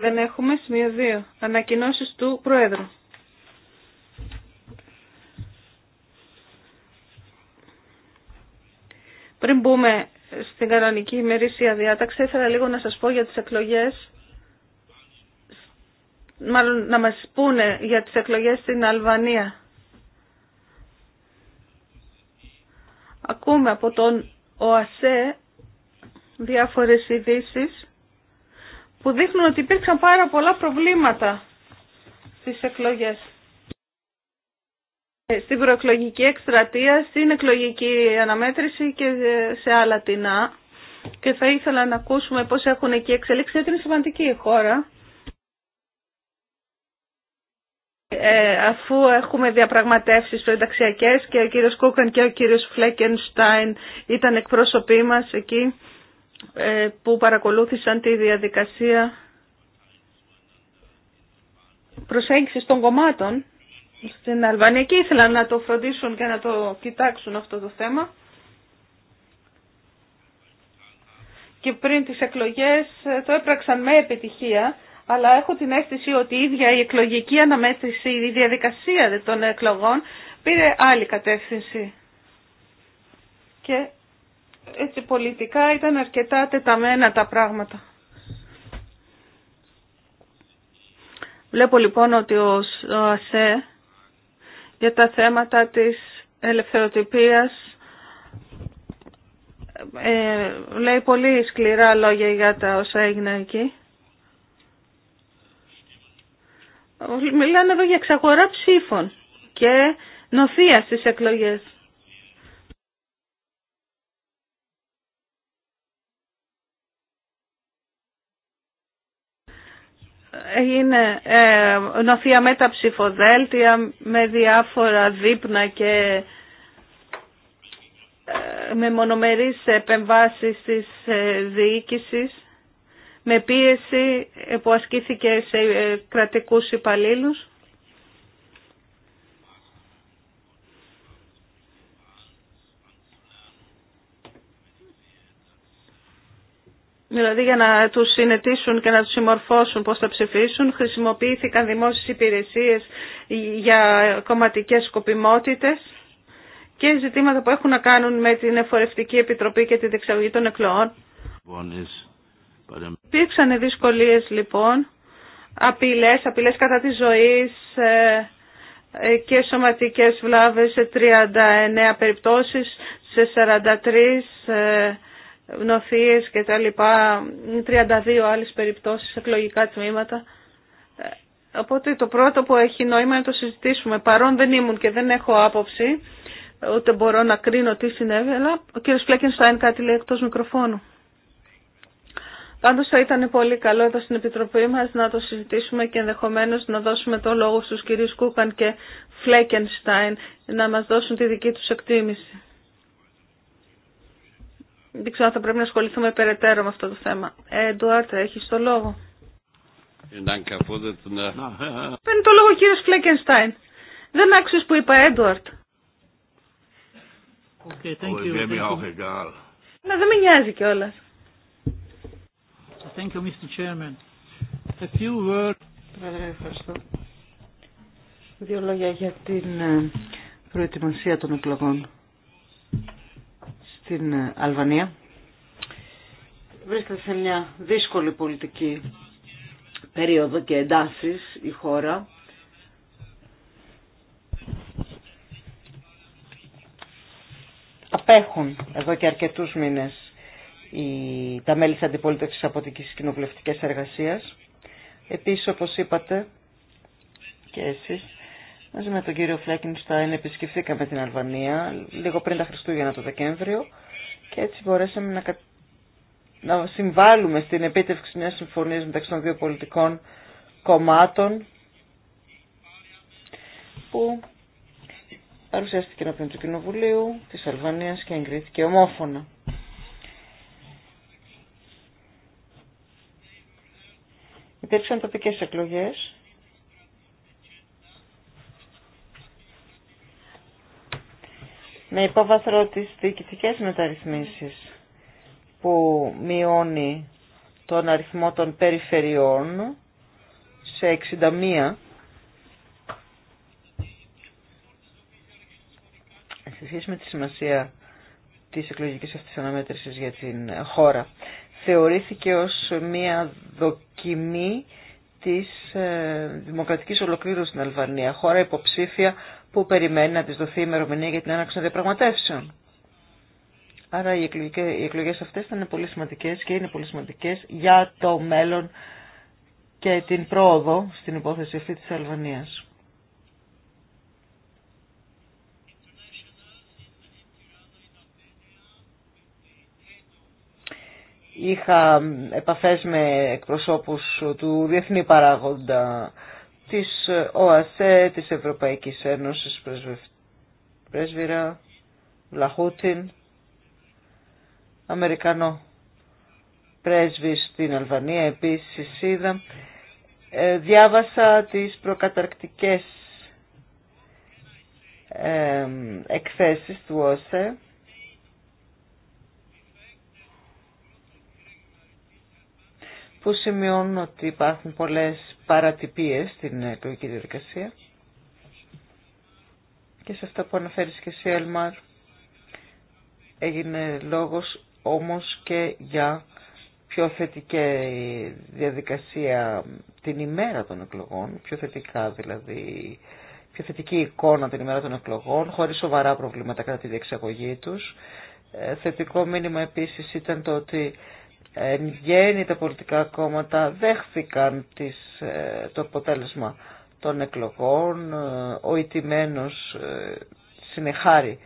Δεν έχουμε σημείο 2. ανακοινώσει του Προέδρου. Πριν μπούμε στην κανονική ημερήσια διάταξη, ήθελα λίγο να σας πω για τις εκλογές, μάλλον να μας πούνε για τις εκλογές στην Αλβανία. Ακούμε από τον ΟΑΣΕ διάφορες ειδήσει που δείχνουν ότι υπήρξαν πάρα πολλά προβλήματα στις εκλογές. Ε, στην προεκλογική εκστρατεία, στην εκλογική αναμέτρηση και σε άλλα τεινά. Και θα ήθελα να ακούσουμε πώς έχουν εκεί εξελίξει, γιατί είναι σημαντική η χώρα. Ε, αφού έχουμε διαπραγματεύσεις προενταξιακές και ο κύριος Κούκαν και ο κύριος Φλέκενστάιν ήταν εκπρόσωποι μας εκεί ε, που παρακολούθησαν τη διαδικασία προσέγγισης των κομμάτων στην Αλβανία και ήθελαν να το φροντίσουν και να το κοιτάξουν αυτό το θέμα. Και πριν τις εκλογές ε, το έπραξαν με επιτυχία, αλλά έχω την αίσθηση ότι η ίδια η εκλογική αναμέτρηση, η διαδικασία των εκλογών πήρε άλλη κατεύθυνση. Και έτσι πολιτικά ήταν αρκετά τεταμένα τα πράγματα. Βλέπω λοιπόν ότι ο ΑΣΕ για τα θέματα της ελευθεροτυπίας ε, λέει πολύ σκληρά λόγια για τα όσα έγιναν εκεί. Μιλάνε εδώ για εξαγορά ψήφων και νοθεία στις εκλογές. είναι ε, νοθεία με τα ψηφοδέλτια, με διάφορα δείπνα και ε, με μονομερείς επεμβάσεις της ε, διοίκησης, με πίεση που ασκήθηκε σε κρατικούς υπαλλήλους. δηλαδή για να τους συνετίσουν και να τους συμμορφώσουν πώς θα ψηφίσουν, χρησιμοποιήθηκαν δημόσιες υπηρεσίες για κομματικές σκοπιμότητες και ζητήματα που έχουν να κάνουν με την Εφορευτική Επιτροπή και τη Δεξαγωγή των Εκλογών. Υπήρξαν δυσκολίες λοιπόν, απειλές, απειλές κατά τη ζωής ε, ε, και σωματικές βλάβες σε 39 περιπτώσεις, σε 43 νοθείες και τα λοιπά, 32 άλλες περιπτώσεις, εκλογικά τμήματα. Ε, οπότε το πρώτο που έχει νόημα να το συζητήσουμε. Παρόν δεν ήμουν και δεν έχω άποψη, ούτε μπορώ να κρίνω τι συνέβη, αλλά ο κύριος Φλέκενστάιν κάτι λέει εκτός μικροφώνου. Πάντως θα ήταν πολύ καλό εδώ στην Επιτροπή μας να το συζητήσουμε και ενδεχομένως να δώσουμε το λόγο στους κύριου Κούκαν και Φλέκενστάιν να μας δώσουν τη δική τους εκτίμηση. Δεν ξέρω αν θα πρέπει να ασχοληθούμε περαιτέρω με αυτό το θέμα. Ε, Ντουάρτε, έχεις το λόγο. Παίρνει το λόγο ο κύριος Φλέκενστάιν. Δεν άξιος που είπα, Έντουαρτ. Να, δεν με νοιάζει κιόλα. ευχαριστώ. Δύο λόγια για την ε, προετοιμασία των εκλογών στην Αλβανία βρίσκεται σε μια δύσκολη πολιτική περίοδο και εντάσεις η χώρα. Απέχουν εδώ και αρκετούς μήνες οι, τα μέλη της αντιπολίτευσης από την κοινοβουλευτικές εργασίες. Επίσης, όπως είπατε και εσείς, μαζί με τον κύριο Φλέκινστάιν επισκεφθήκαμε την Αλβανία λίγο πριν τα Χριστούγεννα το Δεκέμβριο και έτσι μπορέσαμε να, να συμβάλλουμε στην επίτευξη μιας συμφωνίας μεταξύ των δύο πολιτικών κομμάτων που παρουσιάστηκε πριν του Κοινοβουλίου της Αλβανίας και εγκρίθηκε ομόφωνα. Υπήρξαν τοπικές εκλογές με υπόβαθρο τις διοικητικές μεταρρυθμίσεις που μειώνει τον αριθμό των περιφερειών σε 61 σε σχέση με τη σημασία της εκλογικής αυτής αναμέτρησης για την χώρα. Θεωρήθηκε ως μία δοκιμή της ε, δημοκρατικής ολοκλήρωσης στην Αλβανία, χώρα υποψήφια που περιμένει να τη δοθεί η ημερομηνία για την έναρξη των διαπραγματεύσεων. Άρα οι εκλογές αυτέ θα είναι πολύ σημαντικέ και είναι πολύ σημαντικέ για το μέλλον και την πρόοδο στην υπόθεση αυτή της Αλβανίας. Είχα επαφές με εκπροσώπους του διεθνή παράγοντα της ΟΑΣΕ, της Ευρωπαϊκής Ένωσης, πρέσβυρα, Λαχούτιν, Αμερικανό πρέσβη στην Αλβανία, επίσης είδα. Ε, διάβασα τις προκαταρκτικές ε, εκθέσεις του ΟΣΕ. που σημειώνουν ότι υπάρχουν πολλές παρατυπίες στην εκλογική διαδικασία και σε αυτά που αναφέρεις και εσύ Ελμαρ έγινε λόγος όμως και για πιο θετική διαδικασία την ημέρα των εκλογών, πιο θετικά δηλαδή, πιο θετική εικόνα την ημέρα των εκλογών, χωρίς σοβαρά προβλήματα κατά τη διεξαγωγή τους. Ε, θετικό μήνυμα επίσης ήταν το ότι εν γέννη τα πολιτικά κόμματα δέχθηκαν τις, ε, το αποτέλεσμα των εκλογών, ε, ο ιτημένος ε, συνεχάρη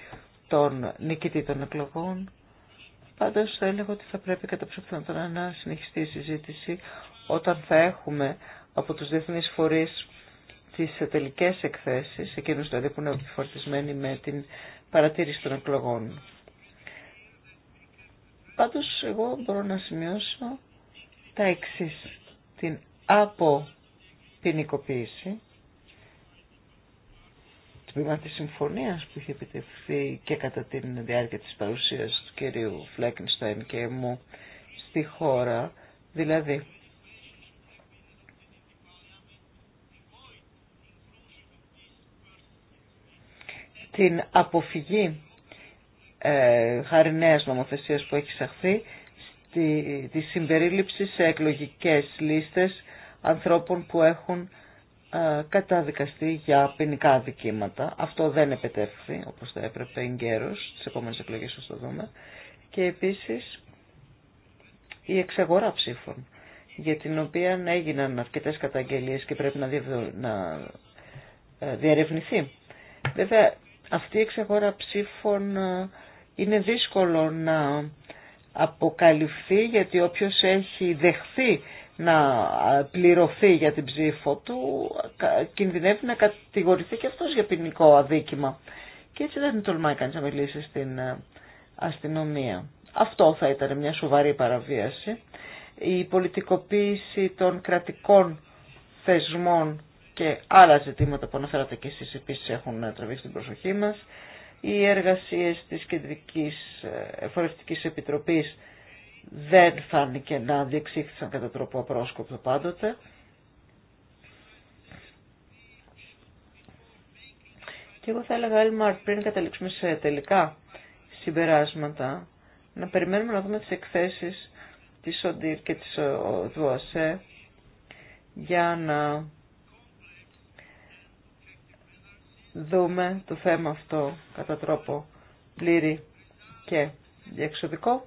τον νικητή των εκλογών. Πάντως θα έλεγα ότι θα πρέπει κατά ψηφθαντά να συνεχιστεί η συζήτηση όταν θα έχουμε από τους διεθνείς φορείς τις τελικές εκθέσεις, εκείνους δηλαδή που είναι επιφορτισμένοι με την παρατήρηση των εκλογών. Πάντως εγώ μπορώ να σημειώσω τα εξής. Την αποποινικοποίηση τμήμα της συμφωνίας που είχε επιτευχθεί και κατά την διάρκεια της παρουσίας του κυρίου Φλέκενστάιν και μου στη χώρα, δηλαδή την αποφυγή ε, χάρη νέα νομοθεσίας που έχει εισαχθεί στη, τη συμπερίληψη σε εκλογικές λίστες ανθρώπων που έχουν ε, καταδικαστεί για ποινικά δικήματα. Αυτό δεν επετεύχθη όπως θα έπρεπε εγκαίρως, στις επόμενες εκλογές θα το δούμε. Και επίσης η εξαγορά ψήφων για την οποία έγιναν αρκετές καταγγελίες και πρέπει να, να ε, διαρευνηθεί. Βέβαια αυτή η εξαγορά ψήφων ε, είναι δύσκολο να αποκαλυφθεί γιατί όποιος έχει δεχθεί να πληρωθεί για την ψήφο του κινδυνεύει να κατηγορηθεί και αυτός για ποινικό αδίκημα. Και έτσι δεν τολμάει κανείς να μιλήσει στην ε, αστυνομία. Αυτό θα ήταν μια σοβαρή παραβίαση. Η πολιτικοποίηση των κρατικών θεσμών και άλλα ζητήματα που αναφέρατε και εσείς επίσης έχουν τραβήξει την προσοχή μας οι εργασίες της Κεντρικής Εφορευτικής Επιτροπής δεν φάνηκε να διεξήχθησαν κατά τρόπο απρόσκοπτο πάντοτε. Και εγώ θα έλεγα, Έλμαρ, πριν καταλήξουμε σε τελικά συμπεράσματα, να περιμένουμε να δούμε τις εκθέσεις της ΟΝΤΙΡ και της ε, ΟΔΟΑΣΕ για να δούμε το θέμα αυτό κατά τρόπο πλήρη και διεξοδικό,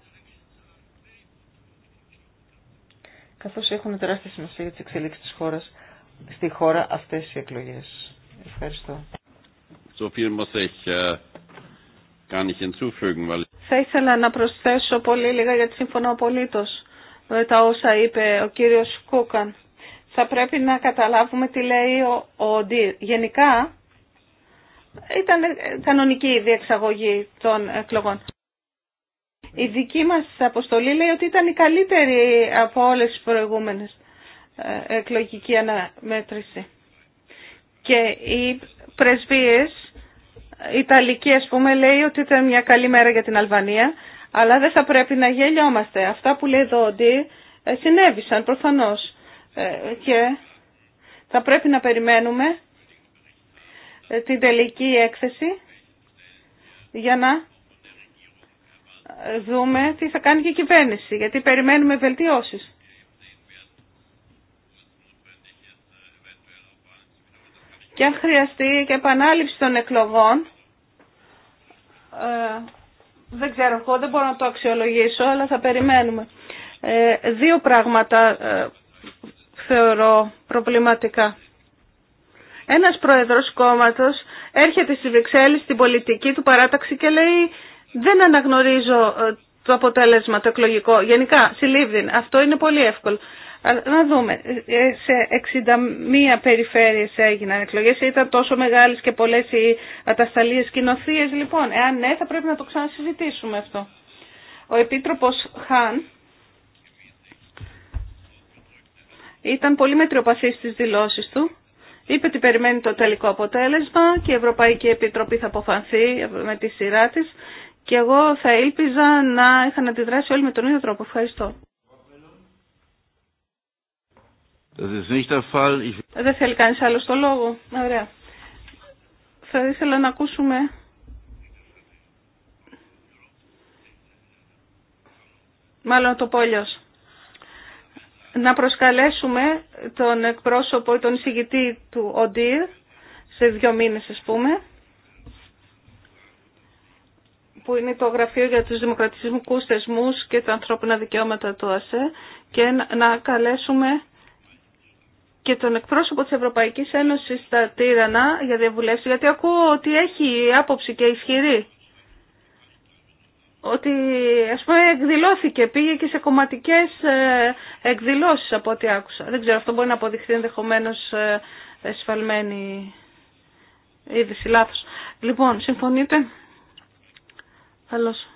καθώς έχουν τεράστια σημασία για τις εξελίξεις της χώρας, στη χώρα αυτές οι εκλογές. Ευχαριστώ. Äh, Θα ήθελα να προσθέσω πολύ λίγα γιατί συμφωνώ απολύτως με τα όσα είπε ο κύριος Κούκαν. Θα πρέπει να καταλάβουμε τι λέει ο, Γενικά, ήταν ε, κανονική η διεξαγωγή των εκλογών. Η δική μας αποστολή λέει ότι ήταν η καλύτερη από όλες τις προηγούμενες ε, εκλογική αναμέτρηση. Και οι πρεσβείες, η Ιταλική ας πούμε λέει ότι ήταν μια καλή μέρα για την Αλβανία, αλλά δεν θα πρέπει να γελιόμαστε. Αυτά που λέει εδώ ότι ε, συνέβησαν προφανώς και θα πρέπει να περιμένουμε ε, την τελική έκθεση για να ε, δούμε τι θα κάνει και η κυβέρνηση, γιατί περιμένουμε βελτιώσεις. Και αν χρειαστεί και επανάληψη των εκλογών, ε, δεν ξέρω εγώ, δεν μπορώ να το αξιολογήσω, αλλά θα περιμένουμε. δύο πράγματα θεωρώ προβληματικά. Ένας πρόεδρος κόμματος έρχεται στη Βρυξέλλη στην πολιτική του παράταξη και λέει δεν αναγνωρίζω ε, το αποτέλεσμα, το εκλογικό. Γενικά, συλλήβδιν, αυτό είναι πολύ εύκολο. Να δούμε, ε, σε 61 περιφέρειες έγιναν εκλογές, ήταν τόσο μεγάλες και πολλές οι ατασταλίες κοινοθείες. Λοιπόν, εάν ναι, θα πρέπει να το ξανασυζητήσουμε αυτό. Ο Επίτροπος Χάν ήταν πολύ μετριοπαθής στις δηλώσεις του Είπε ότι περιμένει το τελικό αποτέλεσμα και η Ευρωπαϊκή Επιτροπή θα αποφανθεί με τη σειρά τη. Και εγώ θα ήλπιζα να είχαν αντιδράσει όλοι με τον ίδιο τρόπο. Ευχαριστώ. Δεν θέλει κανεί άλλο το λόγο. Ωραία. Θα ήθελα να ακούσουμε... Μάλλον το πω να προσκαλέσουμε τον εκπρόσωπο, ή τον εισηγητή του ΟΝΤΙΡ σε δύο μήνες ας πούμε που είναι το Γραφείο για τους Δημοκρατισμικούς Θεσμούς και τα Ανθρώπινα Δικαιώματα του ΑΣΕ και να καλέσουμε και τον εκπρόσωπο της Ευρωπαϊκής Ένωσης στα Τύρανα για διαβουλεύση, γιατί ακούω ότι έχει άποψη και ισχυρή ότι ας πούμε εκδηλώθηκε, πήγε και σε κομματικές ε, εκδηλώσεις από ό,τι άκουσα. Δεν ξέρω, αυτό μπορεί να αποδειχθεί ενδεχομένω ε, εσφαλμένη είδηση, λάθος. Λοιπόν, συμφωνείτε. Καλώς.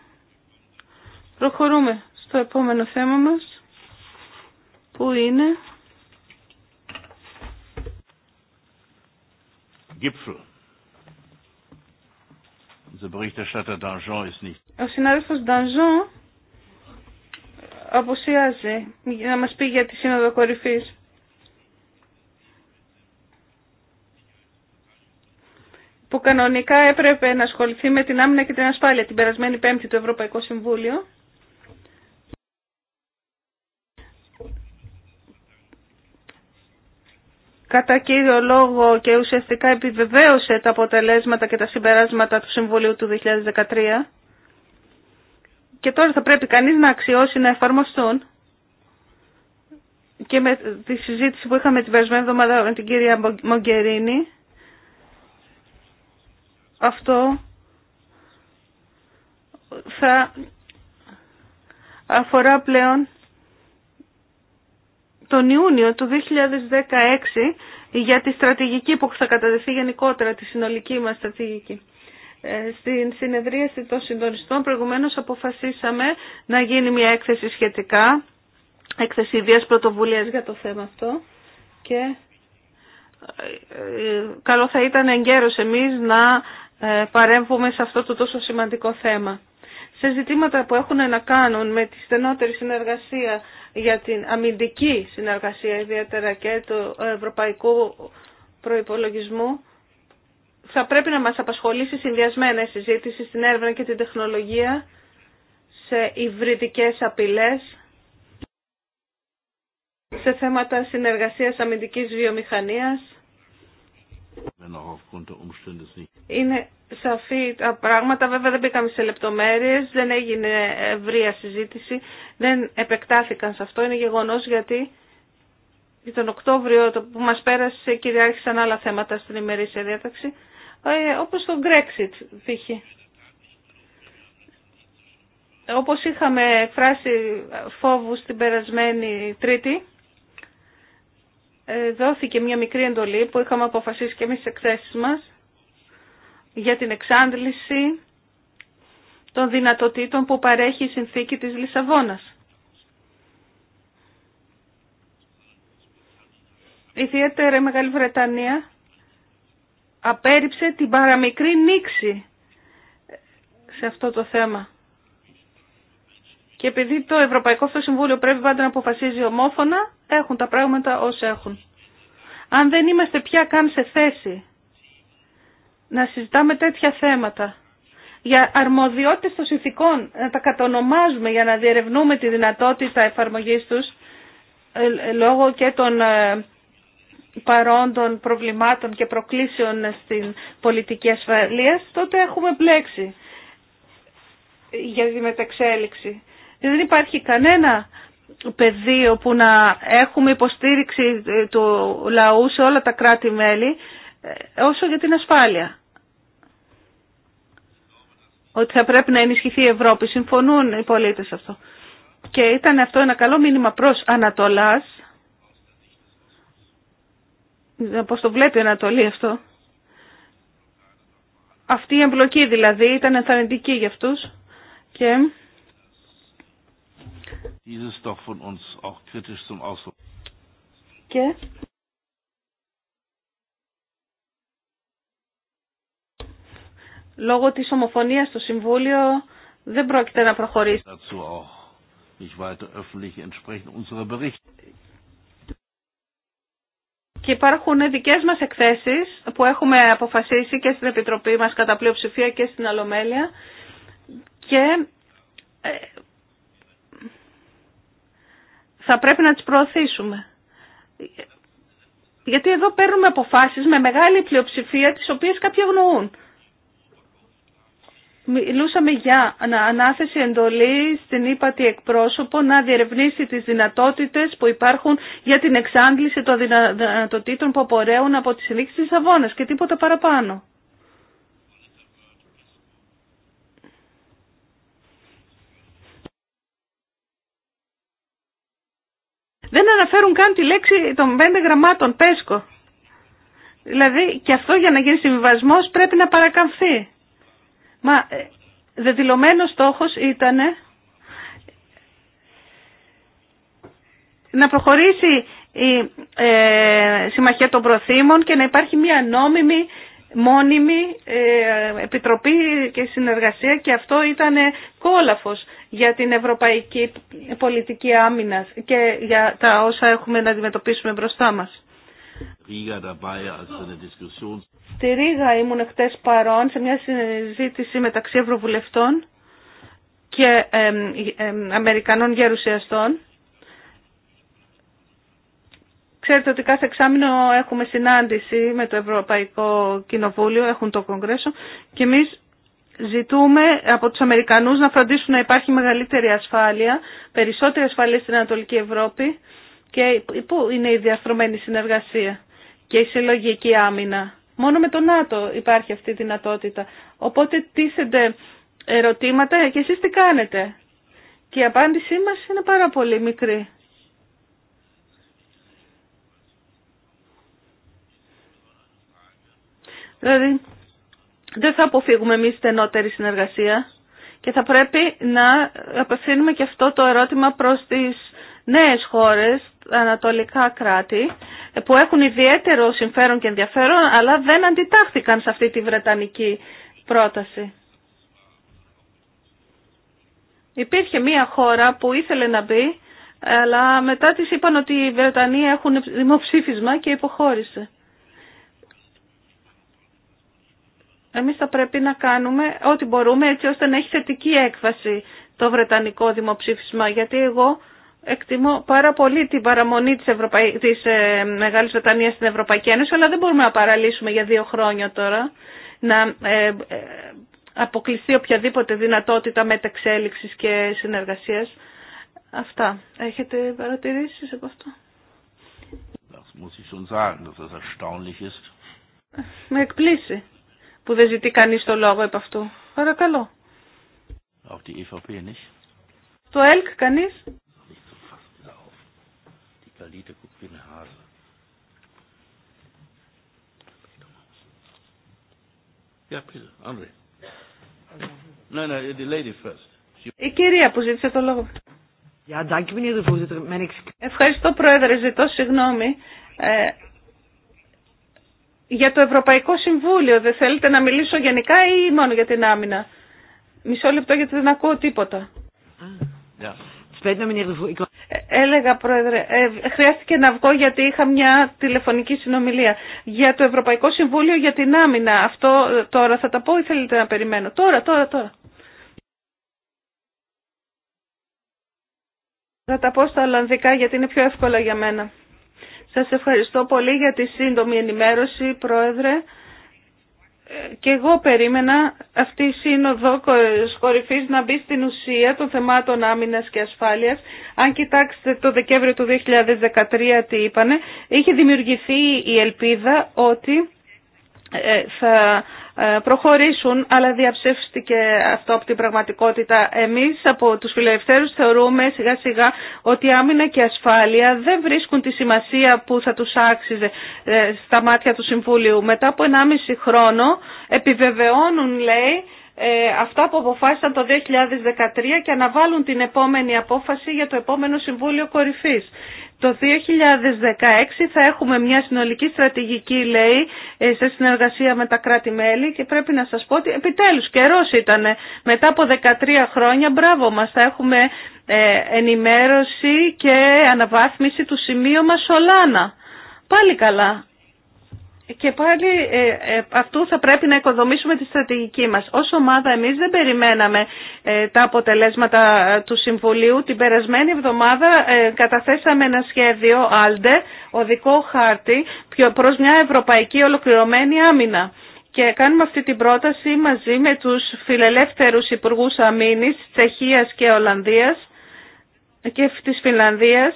Προχωρούμε στο επόμενο θέμα μας, που είναι... Gipfel ο συνάδελφος Ντανζόν αποσιάζει να μας πει για τη Σύνοδο κορυφή. που κανονικά έπρεπε να ασχοληθεί με την άμυνα και την ασφάλεια την περασμένη Πέμπτη του Ευρωπαϊκού Συμβούλιο. κατά κύριο λόγο και ουσιαστικά επιβεβαίωσε τα αποτελέσματα και τα συμπεράσματα του Συμβουλίου του 2013 και τώρα θα πρέπει κανείς να αξιώσει να εφαρμοστούν και με τη συζήτηση που είχαμε την περασμένη εβδομάδα με την κυρία Μογκερίνη αυτό θα αφορά πλέον τον Ιούνιο του 2016 για τη στρατηγική που θα καταδεθεί γενικότερα, τη συνολική μας στρατηγική. Ε, στην συνεδρίαση των συντονιστών προηγουμένως αποφασίσαμε να γίνει μια έκθεση σχετικά, έκθεση ιδίας πρωτοβουλίας για το θέμα αυτό και ε, ε, καλό θα ήταν εγκαίρως εμείς να παρέμβουμε σε αυτό το τόσο σημαντικό θέμα. Σε ζητήματα που έχουν να κάνουν με τη στενότερη συνεργασία για την αμυντική συνεργασία ιδιαίτερα και του ευρωπαϊκού προϋπολογισμού θα πρέπει να μας απασχολήσει συνδυασμένα η συζήτηση στην έρευνα και την τεχνολογία σε υβριδικές απειλές, σε θέματα συνεργασίας αμυντικής βιομηχανίας είναι σαφή τα πράγματα. Βέβαια δεν μπήκαμε σε λεπτομέρειες, δεν έγινε ευρία συζήτηση, δεν επεκτάθηκαν σε αυτό. Είναι γεγονός γιατί τον Οκτώβριο το που μας πέρασε κυριάρχησαν άλλα θέματα στην ημερήσια διάταξη, ε, όπως το Brexit π.χ. Όπως είχαμε φράσει φόβου στην περασμένη Τρίτη, ε, δόθηκε μια μικρή εντολή που είχαμε αποφασίσει και εμείς στις εκθέσεις μας για την εξάντληση των δυνατοτήτων που παρέχει η συνθήκη της Λισαβόνας. Ιδιαίτερα η Μεγάλη Βρετανία απέριψε την παραμικρή νήξη σε αυτό το θέμα. Και επειδή το Ευρωπαϊκό αυτό Συμβούλιο πρέπει πάντα να αποφασίζει ομόφωνα, έχουν τα πράγματα όσοι έχουν. Αν δεν είμαστε πια καν σε θέση να συζητάμε τέτοια θέματα, για αρμοδιότητες των συνθηκών, να τα κατονομάζουμε για να διερευνούμε τη δυνατότητα εφαρμογής τους, ε, ε, λόγω και των ε, παρόντων προβλημάτων και προκλήσεων στην πολιτική ασφαλείας, τότε έχουμε μπλέξει για τη μεταξέλιξη. Δεν υπάρχει κανένα πεδίο που να έχουμε υποστήριξη ε, του λαού σε όλα τα κράτη-μέλη ε, όσο για την ασφάλεια. Ότι θα πρέπει να ενισχυθεί η Ευρώπη. Συμφωνούν οι πολίτες αυτό. Και ήταν αυτό ένα καλό μήνυμα προς Ανατολάς. Πώς το βλέπει η Ανατολή αυτό. Αυτή η εμπλοκή δηλαδή ήταν ενθαρρυντική για αυτούς. Και λόγω τη ομοφωνία στο Συμβούλιο δεν πρόκειται να προχωρήσει. Και υπάρχουν δικέ μας εκθέσεις που έχουμε αποφασίσει και στην Επιτροπή μας κατά πλειοψηφία και στην Αλομέλεια και ε, θα πρέπει να τις προωθήσουμε. Γιατί εδώ παίρνουμε αποφάσεις με μεγάλη πλειοψηφία τις οποίες κάποιοι αγνοούν. Μιλούσαμε για ανάθεση εντολή στην ύπατη εκπρόσωπο να διερευνήσει τις δυνατότητες που υπάρχουν για την εξάντληση των δυνατοτήτων που απορρέουν από τις συνήθειες της Αβώνας και τίποτα παραπάνω. Δεν αναφέρουν καν τη λέξη των πέντε γραμμάτων πέσκο. Δηλαδή και αυτό για να γίνει συμβιβασμό πρέπει να παρακαμφθεί. Μα ε, δεδηλωμένο στόχος ήταν να προχωρήσει η ε, συμμαχία των προθήμων και να υπάρχει μια νόμιμη μόνιμη ε, επιτροπή και συνεργασία και αυτό ήταν κόλαφος για την ευρωπαϊκή πολιτική άμυνας και για τα όσα έχουμε να αντιμετωπίσουμε μπροστά μας. Στη Ρίγα ήμουν χτες παρόν σε μια συζήτηση μεταξύ ευρωβουλευτών και ε, Αμερικανών γερουσιαστών Ξέρετε ότι κάθε εξάμεινο έχουμε συνάντηση με το Ευρωπαϊκό Κοινοβούλιο, έχουν το Κογκρέσο και εμείς ζητούμε από τους Αμερικανούς να φροντίσουν να υπάρχει μεγαλύτερη ασφάλεια, περισσότερη ασφάλεια στην Ανατολική Ευρώπη και πού είναι η διαστρωμένη συνεργασία και η συλλογική άμυνα. Μόνο με το ΝΑΤΟ υπάρχει αυτή η δυνατότητα. Οπότε τίθενται ερωτήματα και εσείς τι κάνετε. Και η απάντησή μας είναι πάρα πολύ μικρή. Δηλαδή, δεν θα αποφύγουμε εμεί στενότερη συνεργασία και θα πρέπει να απευθύνουμε και αυτό το ερώτημα προς τις νέες χώρες, ανατολικά κράτη, που έχουν ιδιαίτερο συμφέρον και ενδιαφέρον, αλλά δεν αντιτάχθηκαν σε αυτή τη βρετανική πρόταση. Υπήρχε μία χώρα που ήθελε να μπει, αλλά μετά της είπαν ότι οι Βρετανοί έχουν δημοψήφισμα και υποχώρησε. Εμείς θα πρέπει να κάνουμε ό,τι μπορούμε έτσι ώστε να έχει θετική έκβαση το Βρετανικό δημοψήφισμα. Γιατί εγώ εκτιμώ πάρα πολύ την παραμονή της, Ευρωπαϊ... της ε, Μεγάλης Βρετανίας στην Ευρωπαϊκή Ένωση, αλλά δεν μπορούμε να παραλύσουμε για δύο χρόνια τώρα να ε, ε αποκλειστεί οποιαδήποτε δυνατότητα μεταξέλιξης και συνεργασίας. Αυτά. Έχετε παρατηρήσεις από αυτό. Με εκπλήσει που δεν ζητεί κανείς το λόγο επ' αυτού. Παρακαλώ. Auch die EVP nicht. Το ΕΛΚ κανείς. Η κυρία που ζήτησε το λόγο. Ευχαριστώ πρόεδρε, ζητώ συγγνώμη. Ε, για το Ευρωπαϊκό Συμβούλιο. Δεν θέλετε να μιλήσω γενικά ή μόνο για την άμυνα. Μισό λεπτό γιατί δεν ακούω τίποτα. Ε, έλεγα, Πρόεδρε, ε, χρειάστηκε να βγω γιατί είχα μια τηλεφωνική συνομιλία. Για το Ευρωπαϊκό Συμβούλιο για την Άμυνα. Αυτό ε, τώρα θα τα πω ή θέλετε να περιμένω. Τώρα, τώρα, τώρα. Θα τα πω στα Ολλανδικά γιατί είναι πιο εύκολα για μένα. Σας ευχαριστώ πολύ για τη σύντομη ενημέρωση, Πρόεδρε. Και εγώ περίμενα αυτή η σύνοδο κορυφή να μπει στην ουσία των θεμάτων άμυνας και ασφάλειας. Αν κοιτάξετε το Δεκέμβριο του 2013 τι είπανε, είχε δημιουργηθεί η ελπίδα ότι ε, θα ε, προχωρήσουν, αλλά διαψεύστηκε αυτό από την πραγματικότητα. Εμείς από τους φιλελευθέρους θεωρούμε σιγά σιγά ότι άμυνα και ασφάλεια δεν βρίσκουν τη σημασία που θα τους άξιζε ε, στα μάτια του Συμβουλίου. Μετά από 1,5 χρόνο επιβεβαιώνουν, λέει, ε, αυτά που αποφάσισαν το 2013 και αναβάλουν την επόμενη απόφαση για το επόμενο Συμβούλιο Κορυφής. Το 2016 θα έχουμε μια συνολική στρατηγική, λέει, ε, σε συνεργασία με τα κράτη-μέλη και πρέπει να σας πω ότι επιτέλους καιρός ήταν μετά από 13 χρόνια. Μπράβο μας, θα έχουμε ε, ενημέρωση και αναβάθμιση του σημείου μας Σολάνα. Πάλι καλά. Και πάλι ε, ε, αυτού θα πρέπει να οικοδομήσουμε τη στρατηγική μας. Ως ομάδα εμείς δεν περιμέναμε ε, τα αποτελέσματα του Συμβουλίου. Την περασμένη εβδομάδα καταθέσαμε ένα σχέδιο, ALDE, οδικό χάρτη, προς μια ευρωπαϊκή ολοκληρωμένη άμυνα. Και κάνουμε αυτή την πρόταση μαζί με τους φιλελεύθερους υπουργούς αμήνης Τσεχίας και Ολλανδίας και της Φιλανδίας,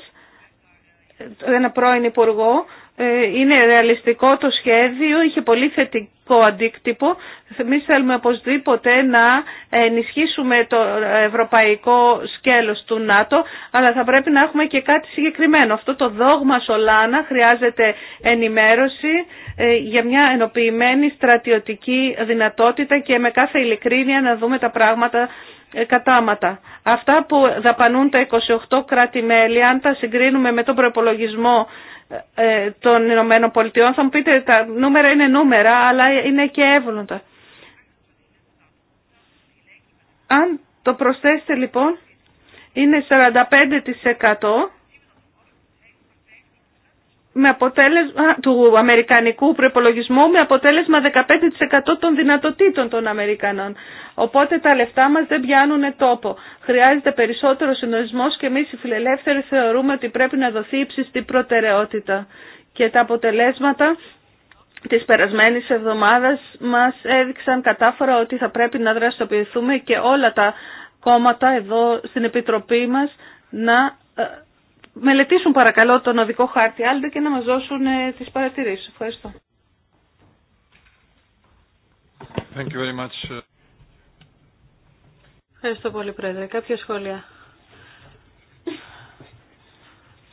ένα πρώην υπουργό, ε, είναι ρεαλιστικό το σχέδιο, είχε πολύ θετικό αντίκτυπο. Εμεί θέλουμε οπωσδήποτε να ενισχύσουμε το ευρωπαϊκό σκέλος του ΝΑΤΟ, αλλά θα πρέπει να έχουμε και κάτι συγκεκριμένο. Αυτό το δόγμα Σολάνα χρειάζεται ενημέρωση ε, για μια ενοποιημένη στρατιωτική δυνατότητα και με κάθε ειλικρίνεια να δούμε τα πράγματα ε, κατάματα. Αυτά που δαπανούν τα 28 κράτη-μέλη, αν τα συγκρίνουμε με τον προπολογισμό ε, των Ηνωμένων Πολιτειών. Θα μου πείτε τα νούμερα είναι νούμερα, αλλά είναι και εύλογα. Αν το προσθέσετε λοιπόν, είναι 45% με αποτέλεσμα, του αμερικανικού προπολογισμού με αποτέλεσμα 15% των δυνατοτήτων των Αμερικανών. Οπότε τα λεφτά μας δεν πιάνουν τόπο. Χρειάζεται περισσότερο συνοισμός και εμείς οι φιλελεύθεροι θεωρούμε ότι πρέπει να δοθεί ύψιστη προτεραιότητα. Και τα αποτελέσματα της περασμένης εβδομάδας μας έδειξαν κατάφορα ότι θα πρέπει να δραστοποιηθούμε και όλα τα κόμματα εδώ στην Επιτροπή μας να ε, μελετήσουν παρακαλώ τον οδικό χάρτη Άλντε και να μας δώσουν ε, τις παρατηρήσεις. Ευχαριστώ. Thank you very much. Ευχαριστώ πολύ, Πρόεδρε. Κάποια σχόλια.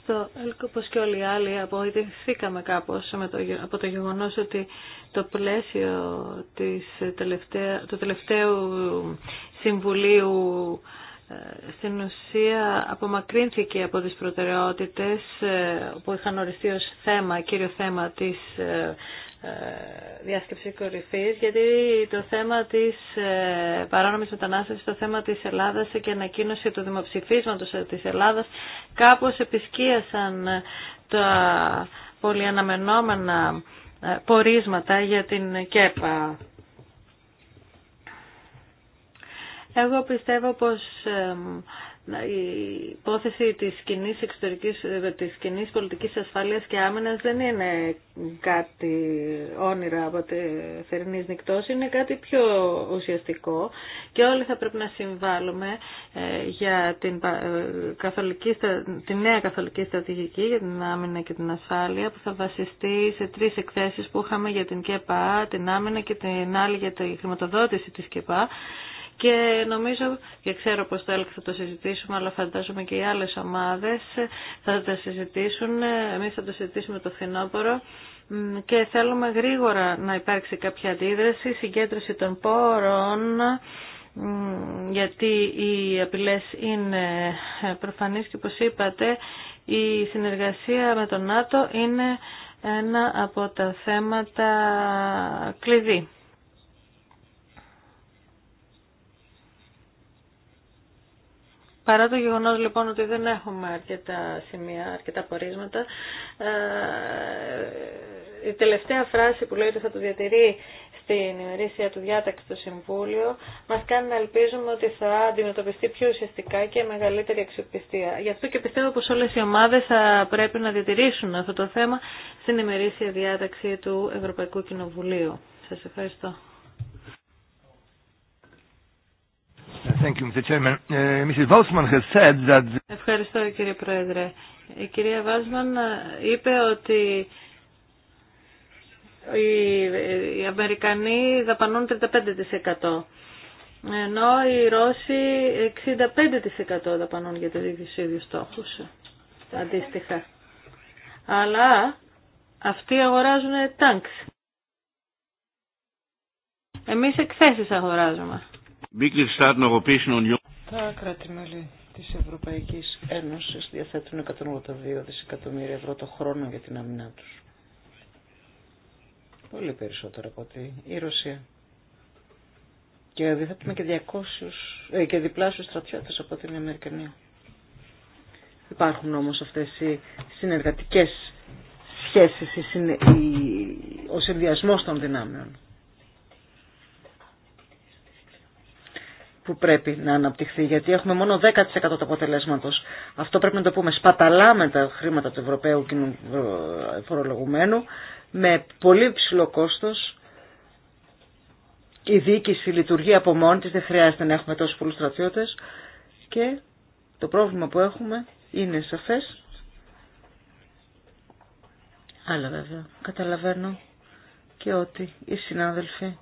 Στο όπως και όλοι οι άλλοι, απογοητευθήκαμε κάπως με το, από το γεγονός ότι το πλαίσιο της του τελευταίου Συμβουλίου ε, στην ουσία απομακρύνθηκε από τις προτεραιότητες ε, που είχαν οριστεί ως θέμα, κύριο θέμα της ε, διάσκεψης κορυφής, γιατί το θέμα της παράνομης μετανάστευσης, το θέμα της Ελλάδας και ανακοίνωση του δημοψηφίσματος της Ελλάδας κάπως επισκίασαν τα πολυαναμενόμενα πορίσματα για την ΚΕΠΑ. Εγώ πιστεύω πως η υπόθεση της κοινής εξωτερικής, της πολιτικής ασφάλειας και άμυνας δεν είναι κάτι όνειρα από τη θερινής νυχτός, είναι κάτι πιο ουσιαστικό και όλοι θα πρέπει να συμβάλλουμε ε, για την, ε, καθολική, τη νέα καθολική στρατηγική για την άμυνα και την ασφάλεια που θα βασιστεί σε τρεις εκθέσεις που είχαμε για την ΚΕΠΑ, την άμυνα και την άλλη για τη χρηματοδότηση της ΚΕΠΑ και νομίζω και ξέρω πως το ΕΛΚ θα το συζητήσουμε αλλά φαντάζομαι και οι άλλες ομάδες θα τα συζητήσουν εμείς θα το συζητήσουμε το φθινόπωρο και θέλουμε γρήγορα να υπάρξει κάποια αντίδραση, συγκέντρωση των πόρων γιατί οι απειλές είναι προφανείς και όπως είπατε η συνεργασία με τον ΝΑΤΟ είναι ένα από τα θέματα κλειδί. Παρά το γεγονός λοιπόν ότι δεν έχουμε αρκετά σημεία, αρκετά πορίσματα, ε, η τελευταία φράση που λέει ότι θα το διατηρεί στην ημερήσια του διάταξη του Συμβούλιο μας κάνει να ελπίζουμε ότι θα αντιμετωπιστεί πιο ουσιαστικά και μεγαλύτερη αξιοπιστία. Γι' αυτό και πιστεύω πως όλες οι ομάδες θα πρέπει να διατηρήσουν αυτό το θέμα στην ημερήσια διάταξη του Ευρωπαϊκού Κοινοβουλίου. Σας ευχαριστώ. Uh, Ευχαριστώ κύριε Πρόεδρε. Η κυρία Βάσμαν ε, είπε ότι οι Αμερικανοί δαπανούν 35% ενώ οι Ρώσοι 65% δαπανούν για τους ίδιους ίδιους στόχους, αντίστοιχα. Αλλά αυτοί αγοράζουν τάγκς. Εμείς εκθέσεις αγοράζουμε. Τα κράτη-μέλη τη Ευρωπαϊκής Ένωσης διαθέτουν 182 δισεκατομμύρια ευρώ το χρόνο για την αμυνά τους. Πολύ περισσότερο από ότι η Ρωσία. Και διαθέτουμε και, 200, ε, και διπλάσιους στρατιώτες από την Αμερικανία. Υπάρχουν όμως αυτές οι συνεργατικές σχέσεις, ο συνδυασμός των δυνάμεων. που πρέπει να αναπτυχθεί, γιατί έχουμε μόνο 10% του αποτελέσματος. Αυτό πρέπει να το πούμε. Σπαταλάμε τα χρήματα του Ευρωπαίου φορολογουμένου με πολύ ψηλό κόστος. Η διοίκηση λειτουργεί από μόνη της, δεν χρειάζεται να έχουμε τόσους πολλούς στρατιώτες και το πρόβλημα που έχουμε είναι σαφές. Αλλά βέβαια καταλαβαίνω και ότι οι συνάδελφοι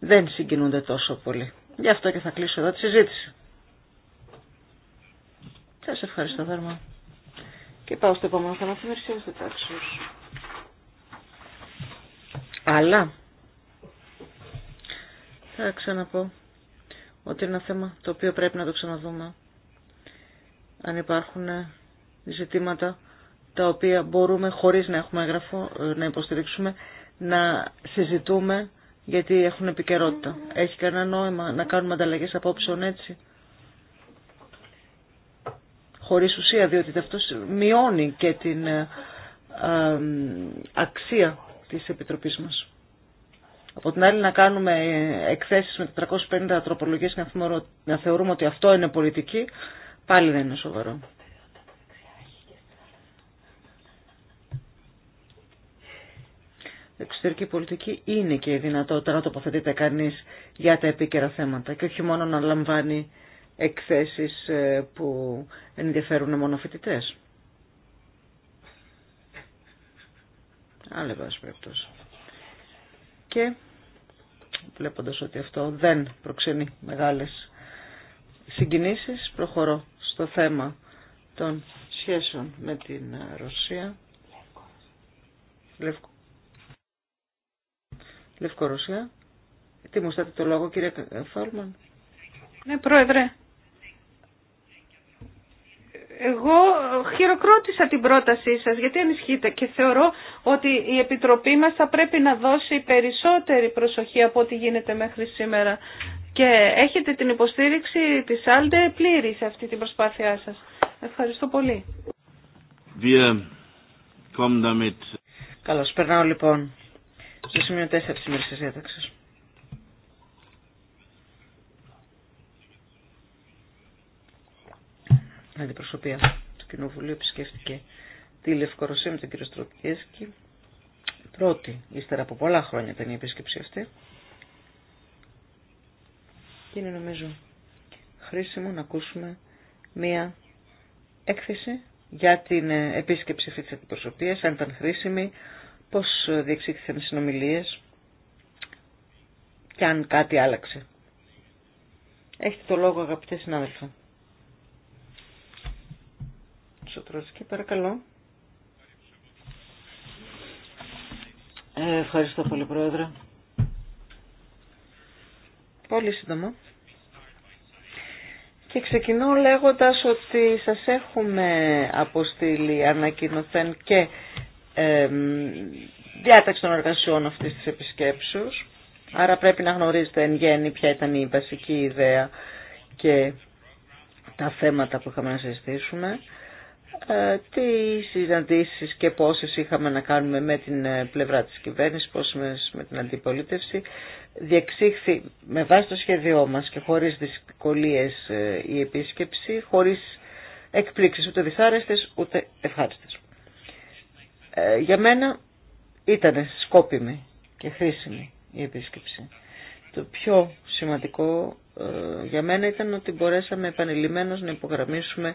δεν συγκινούνται τόσο πολύ. Γι' αυτό και θα κλείσω εδώ τη συζήτηση. Σα ευχαριστώ θερμά. Και πάω στο επόμενο θέμα τη ημερησία τάξη. Αλλά θα ξαναπώ ότι είναι ένα θέμα το οποίο πρέπει να το ξαναδούμε. Αν υπάρχουν ε, ζητήματα τα οποία μπορούμε χωρίς να έχουμε έγγραφο ε, να υποστηρίξουμε, να συζητούμε γιατί έχουν επικαιρότητα. Έχει κανένα νόημα να κάνουμε ανταλλαγές απόψεων έτσι. Χωρίς ουσία, διότι αυτό μειώνει και την ε, αξία της Επιτροπής μας. Από την άλλη να κάνουμε ε, εκθέσεις με 450 τροπολογίες και να θεωρούμε ότι αυτό είναι πολιτική, πάλι δεν είναι σοβαρό. εξωτερική πολιτική είναι και η δυνατότητα να τοποθετείται κανείς για τα επίκαιρα θέματα και όχι μόνο να λαμβάνει εκθέσεις ε, που ενδιαφέρουν μόνο φοιτητέ. Άλλη βάση Και βλέποντας ότι αυτό δεν προξενεί μεγάλες συγκινήσεις, προχωρώ στο θέμα των σχέσεων με την ε, Ρωσία. Λευκό. Λευκορωσία. Τι μου στάτε το λόγο κύριε Φόλμαν. Ναι πρόεδρε. Εγώ χειροκρότησα την πρότασή σας γιατί ανισχύεται και θεωρώ ότι η Επιτροπή μας θα πρέπει να δώσει περισσότερη προσοχή από ό,τι γίνεται μέχρι σήμερα και έχετε την υποστήριξη της Άλντε πλήρη σε αυτή την προσπάθειά σας. Ευχαριστώ πολύ. Καλώς περνάω λοιπόν στο σημείο 4 της ημέρας διάταξης. Η αντιπροσωπεία του Κοινοβουλίου επισκέφθηκε τη Λευκορωσία με τον κύριο Στροπιέσκη. Πρώτη, ύστερα από πολλά χρόνια ήταν η επίσκεψη αυτή. Και είναι νομίζω χρήσιμο να ακούσουμε μία έκθεση για την επίσκεψη αυτή της αντιπροσωπείας, αν ήταν χρήσιμη, πώς διεξήχθησαν οι συνομιλίες και αν κάτι άλλαξε. Έχετε το λόγο αγαπητέ συνάδελφα. Σωτροσκή, παρακαλώ. Ε, ευχαριστώ πολύ Πρόεδρε. Πολύ σύντομα. Και ξεκινώ λέγοντας ότι σας έχουμε αποστείλει ανακοινωθέν και διάταξη των εργασιών αυτής της επισκέψεως. Άρα πρέπει να γνωρίζετε εν γέννη ποια ήταν η βασική ιδέα και τα θέματα που είχαμε να συζητήσουμε, ε, τι συναντήσεις και πόσες είχαμε να κάνουμε με την ε, πλευρά της κυβέρνησης, πόσες με την αντιπολίτευση. Διεξήχθη με βάση το σχέδιό μας και χωρίς δυσκολίες ε, η επίσκεψη, χωρίς εκπλήξεις ούτε δυσάρεστες ούτε ευχάριστες. Ε, για μένα ήταν σκόπιμη και χρήσιμη η επίσκεψη. Το πιο σημαντικό ε, για μένα ήταν ότι μπορέσαμε επανειλημμένως να υπογραμμίσουμε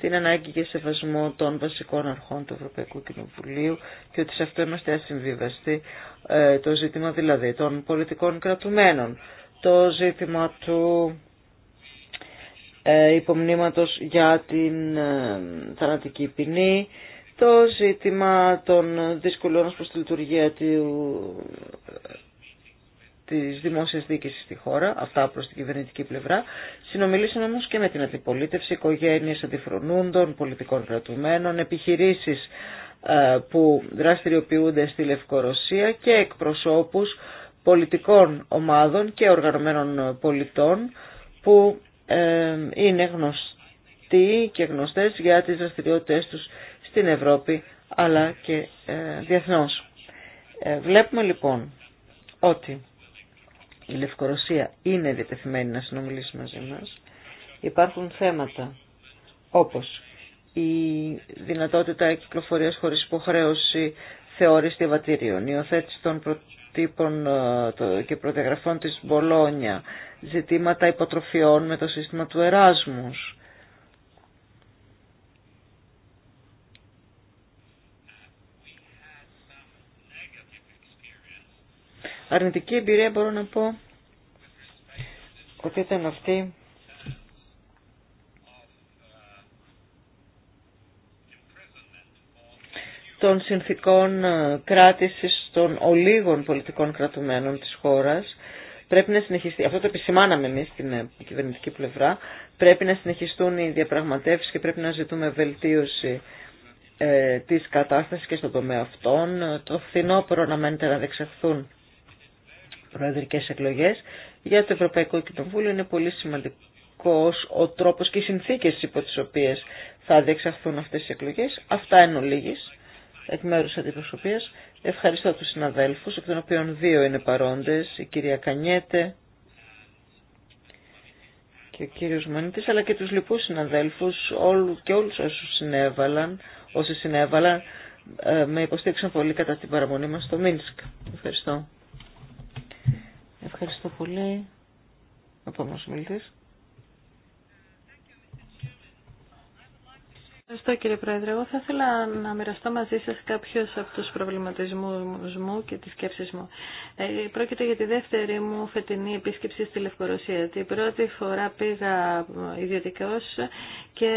την ανάγκη και σεβασμό των βασικών αρχών του Ευρωπαϊκού Κοινοβουλίου και ότι σε αυτό είμαστε ασυμβίβαστοι ε, το ζήτημα δηλαδή των πολιτικών κρατουμένων, το ζήτημα του υπομνήματος για την θανατική ποινή, το ζήτημα των δυσκολιών προς τη λειτουργία του, της δημόσιας διοίκησης στη χώρα, αυτά προς την κυβερνητική πλευρά. Συνομιλήσαμε όμως και με την αντιπολίτευση, οικογένειες αντιφρονούντων, πολιτικών κρατουμένων, επιχειρήσεις ε, που δραστηριοποιούνται στη Λευκορωσία και εκπροσώπους πολιτικών ομάδων και οργανωμένων πολιτών που ε, είναι γνωστοί και γνωστές για τις δραστηριότητες τους στην Ευρώπη αλλά και ε, διεθνώς. Ε, βλέπουμε λοιπόν ότι η Λευκορωσία είναι διατεθειμένη να συνομιλήσει μαζί μας. Υπάρχουν θέματα όπως η δυνατότητα κυκλοφορίας χωρίς υποχρέωση θεώρηση διαβατηρίων, οθέτηση των προτύπων ε, και προδιαγραφών της Μπολόνια, ζητήματα υποτροφιών με το σύστημα του Εράσμους, αρνητική εμπειρία μπορώ να πω ότι ήταν αυτή των συνθήκων ε, κράτησης των ολίγων πολιτικών κρατουμένων της χώρας. Πρέπει να συνεχιστεί, αυτό το επισημάναμε εμείς στην ε, κυβερνητική πλευρά, πρέπει να συνεχιστούν οι διαπραγματεύσεις και πρέπει να ζητούμε βελτίωση ε, της κατάστασης και στον τομέα αυτών. Ε, το φθινόπωρο να μένετε να δεξαχθούν προεδρικές εκλογές για το Ευρωπαϊκό Κοινοβούλιο είναι πολύ σημαντικός ο τρόπος και οι συνθήκες υπό τις οποίες θα διεξαχθούν αυτές οι εκλογές. Αυτά εν ολίγης, εκ μέρους αντιπροσωπείας. Ευχαριστώ τους συναδέλφους, εκ των οποίων δύο είναι παρόντες, η κυρία Κανιέτε και ο κύριος Μανίτης, αλλά και τους λοιπούς συναδέλφους όλου, και όλους όσους συνέβαλαν, όσοι συνέβαλαν, ε, με υποστήριξαν πολύ κατά την παραμονή μας στο Μίνσκ. Ευχαριστώ. Ευχαριστώ πολύ. Επόμενος μιλητή. Ευχαριστώ κύριε Πρόεδρε. Εγώ θα ήθελα να μοιραστώ μαζί σας κάποιο από τους προβληματισμούς μου και τις σκέψεις μου. Ε, πρόκειται για τη δεύτερη μου φετινή επίσκεψη στη Λευκορωσία. Την πρώτη φορά πήγα ιδιωτικώς και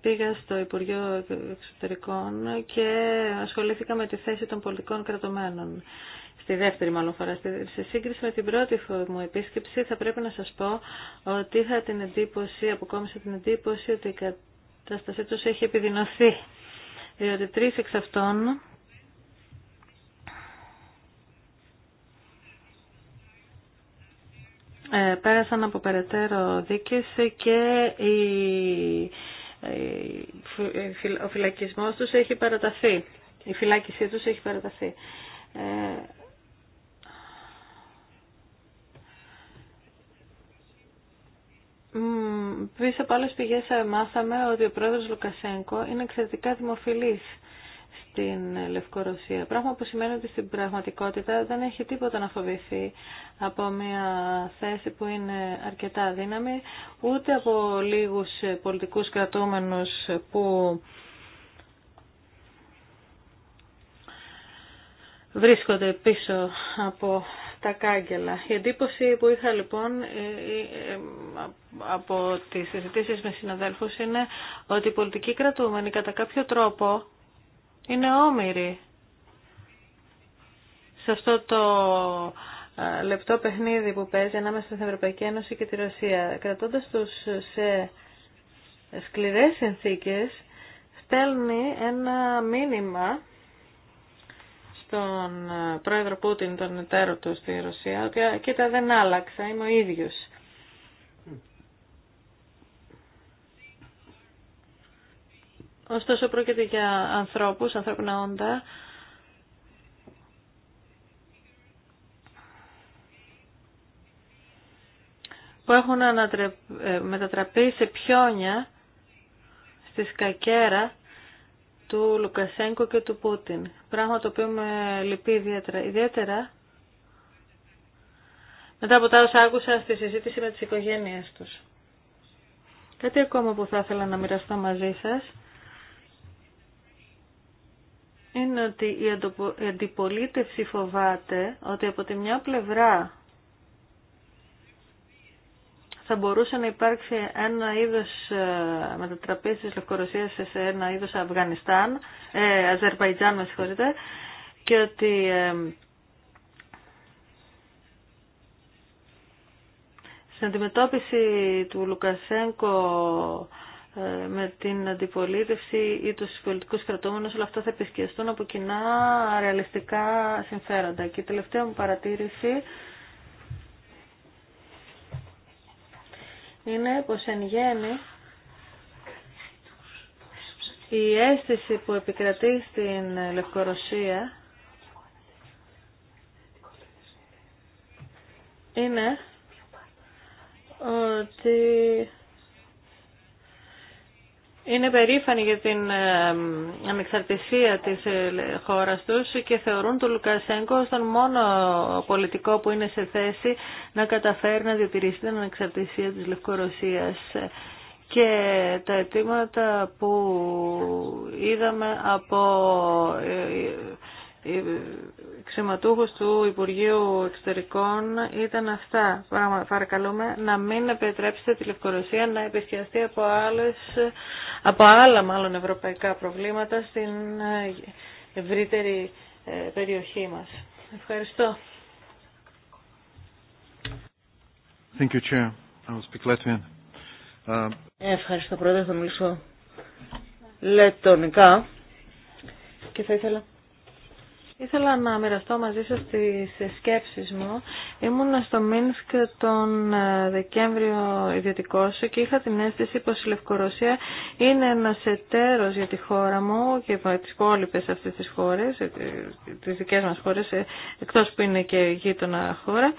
πήγα στο Υπουργείο Εξωτερικών και ασχολήθηκα με τη θέση των πολιτικών κρατωμένων στη δεύτερη μάλλον φορά, σε σύγκριση με την πρώτη μου επίσκεψη θα πρέπει να σας πω ότι είχα την εντύπωση, αποκόμισα την εντύπωση ότι η κατάστασή τους έχει επιδεινωθεί. Διότι τρει εξ αυτών ε, πέρασαν από περαιτέρω δίκες και ο φυλακισμός τους έχει παραταθεί. Η φυλάκισή τους έχει παραταθεί. Ε, Πίσω από άλλες πηγές μάθαμε ότι ο πρόεδρος Λουκασένκο είναι εξαιρετικά δημοφιλής στην Λευκορωσία. Πράγμα που σημαίνει ότι στην πραγματικότητα δεν έχει τίποτα να φοβηθεί από μια θέση που είναι αρκετά δύναμη, ούτε από λίγους πολιτικούς κρατούμενους που βρίσκονται πίσω από τα κάγκελα. Η εντύπωση που είχα λοιπόν ε, ε, από τις συζητήσεις με συναδέλφους είναι ότι οι πολιτικοί κρατούμενοι κατά κάποιο τρόπο είναι όμοιροι σε αυτό το ε, λεπτό παιχνίδι που παίζει ανάμεσα στην Ευρωπαϊκή Ένωση και τη Ρωσία. Κρατώντας τους σε σκληρές συνθήκες, στέλνει ένα μήνυμα τον ε, πρόεδρο Πούτιν, τον εταίρο του στη Ρωσία, ότι κοίτα δεν άλλαξα, είμαι ο ίδιος. Ωστόσο πρόκειται για ανθρώπους, ανθρώπινα όντα, που έχουν ε, μετατραπεί σε πιόνια, στη σκακέρα, του Λουκασέγκο και του Πούτιν. Πράγμα το οποίο με λυπεί ιδιαίτερα. Ιδιαίτερα μετά από τα όσα άκουσα στη συζήτηση με τις οικογένειες τους. Κάτι ακόμα που θα ήθελα να μοιραστώ μαζί σας είναι ότι η αντιπολίτευση φοβάται ότι από τη μια πλευρά θα μπορούσε να υπάρξει ένα είδος ε, μετατραπής της Λευκορωσίας σε ένα είδος Αφγανιστάν, ε, Αζερβαϊτζάν με συγχωρείτε, και ότι ε, στην αντιμετώπιση του Λουκασέγκο ε, με την αντιπολίτευση ή τους πολιτικούς κρατούμενους όλα αυτά θα επισκιαστούν από κοινά ρεαλιστικά συμφέροντα. Και η τελευταία μου παρατήρηση είναι πως εν γέννη η αίσθηση που επικρατεί στην Λευκορωσία είναι ότι είναι περήφανοι για την ε, ανεξαρτησία της ε, χώρας τους και θεωρούν τον Λουκασέγκο τον μόνο πολιτικό που είναι σε θέση να καταφέρει να διατηρήσει την ανεξαρτησία της Λευκορωσίας. Και τα αιτήματα που είδαμε από ε, αξιωματούχους του Υπουργείου Εξωτερικών ήταν αυτά. Παρακαλούμε να μην επιτρέψετε τη Λευκορωσία να επισκιαστεί από, άλλες, από άλλα μάλλον ευρωπαϊκά προβλήματα στην ε, ευρύτερη ε, περιοχή μας. Ευχαριστώ. Thank you, Chair. I speak Latvian. Uh, Ευχαριστώ, Πρόεδρε. Θα μιλήσω λετωνικά και θα ήθελα Ήθελα να μοιραστώ μαζί σας τις σκέψεις μου. Ήμουν στο Μίνσκ τον ε, Δεκέμβριο ιδιωτικό και είχα την αίσθηση πως η Λευκορωσία είναι ένας εταίρος για τη χώρα μου και τις υπόλοιπε αυτές τις χώρες, ε, τις δικές μας χώρες, ε, εκτός που είναι και γείτονα χώρα.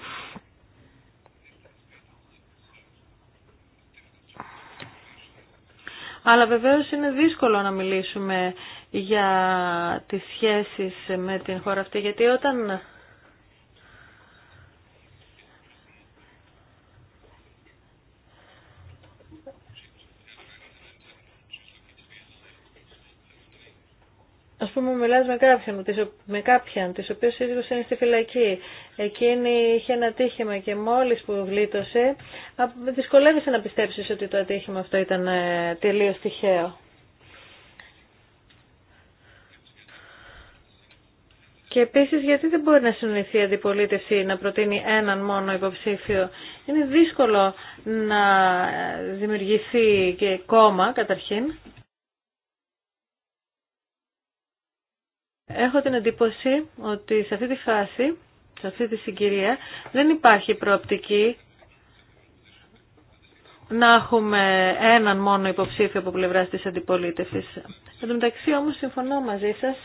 Αλλά βεβαίως είναι δύσκολο να μιλήσουμε για τις σχέσεις με την χώρα αυτή, γιατί όταν ας πούμε μιλάς με κάποιον, με κάποιον, της οποίας είναι στη φυλακή. Εκείνη είχε ένα ατύχημα και μόλις που γλίτωσε, δυσκολεύεσαι να πιστέψεις ότι το ατύχημα αυτό ήταν ε, τελείως τυχαίο. Και επίσης γιατί δεν μπορεί να συνοηθεί η αντιπολίτευση να προτείνει έναν μόνο υποψήφιο. Είναι δύσκολο να δημιουργηθεί και κόμμα καταρχήν. Έχω την εντύπωση ότι σε αυτή τη φάση, σε αυτή τη συγκυρία, δεν υπάρχει προοπτική να έχουμε έναν μόνο υποψήφιο από πλευράς της αντιπολίτευσης. Εν τω μεταξύ όμως συμφωνώ μαζί σας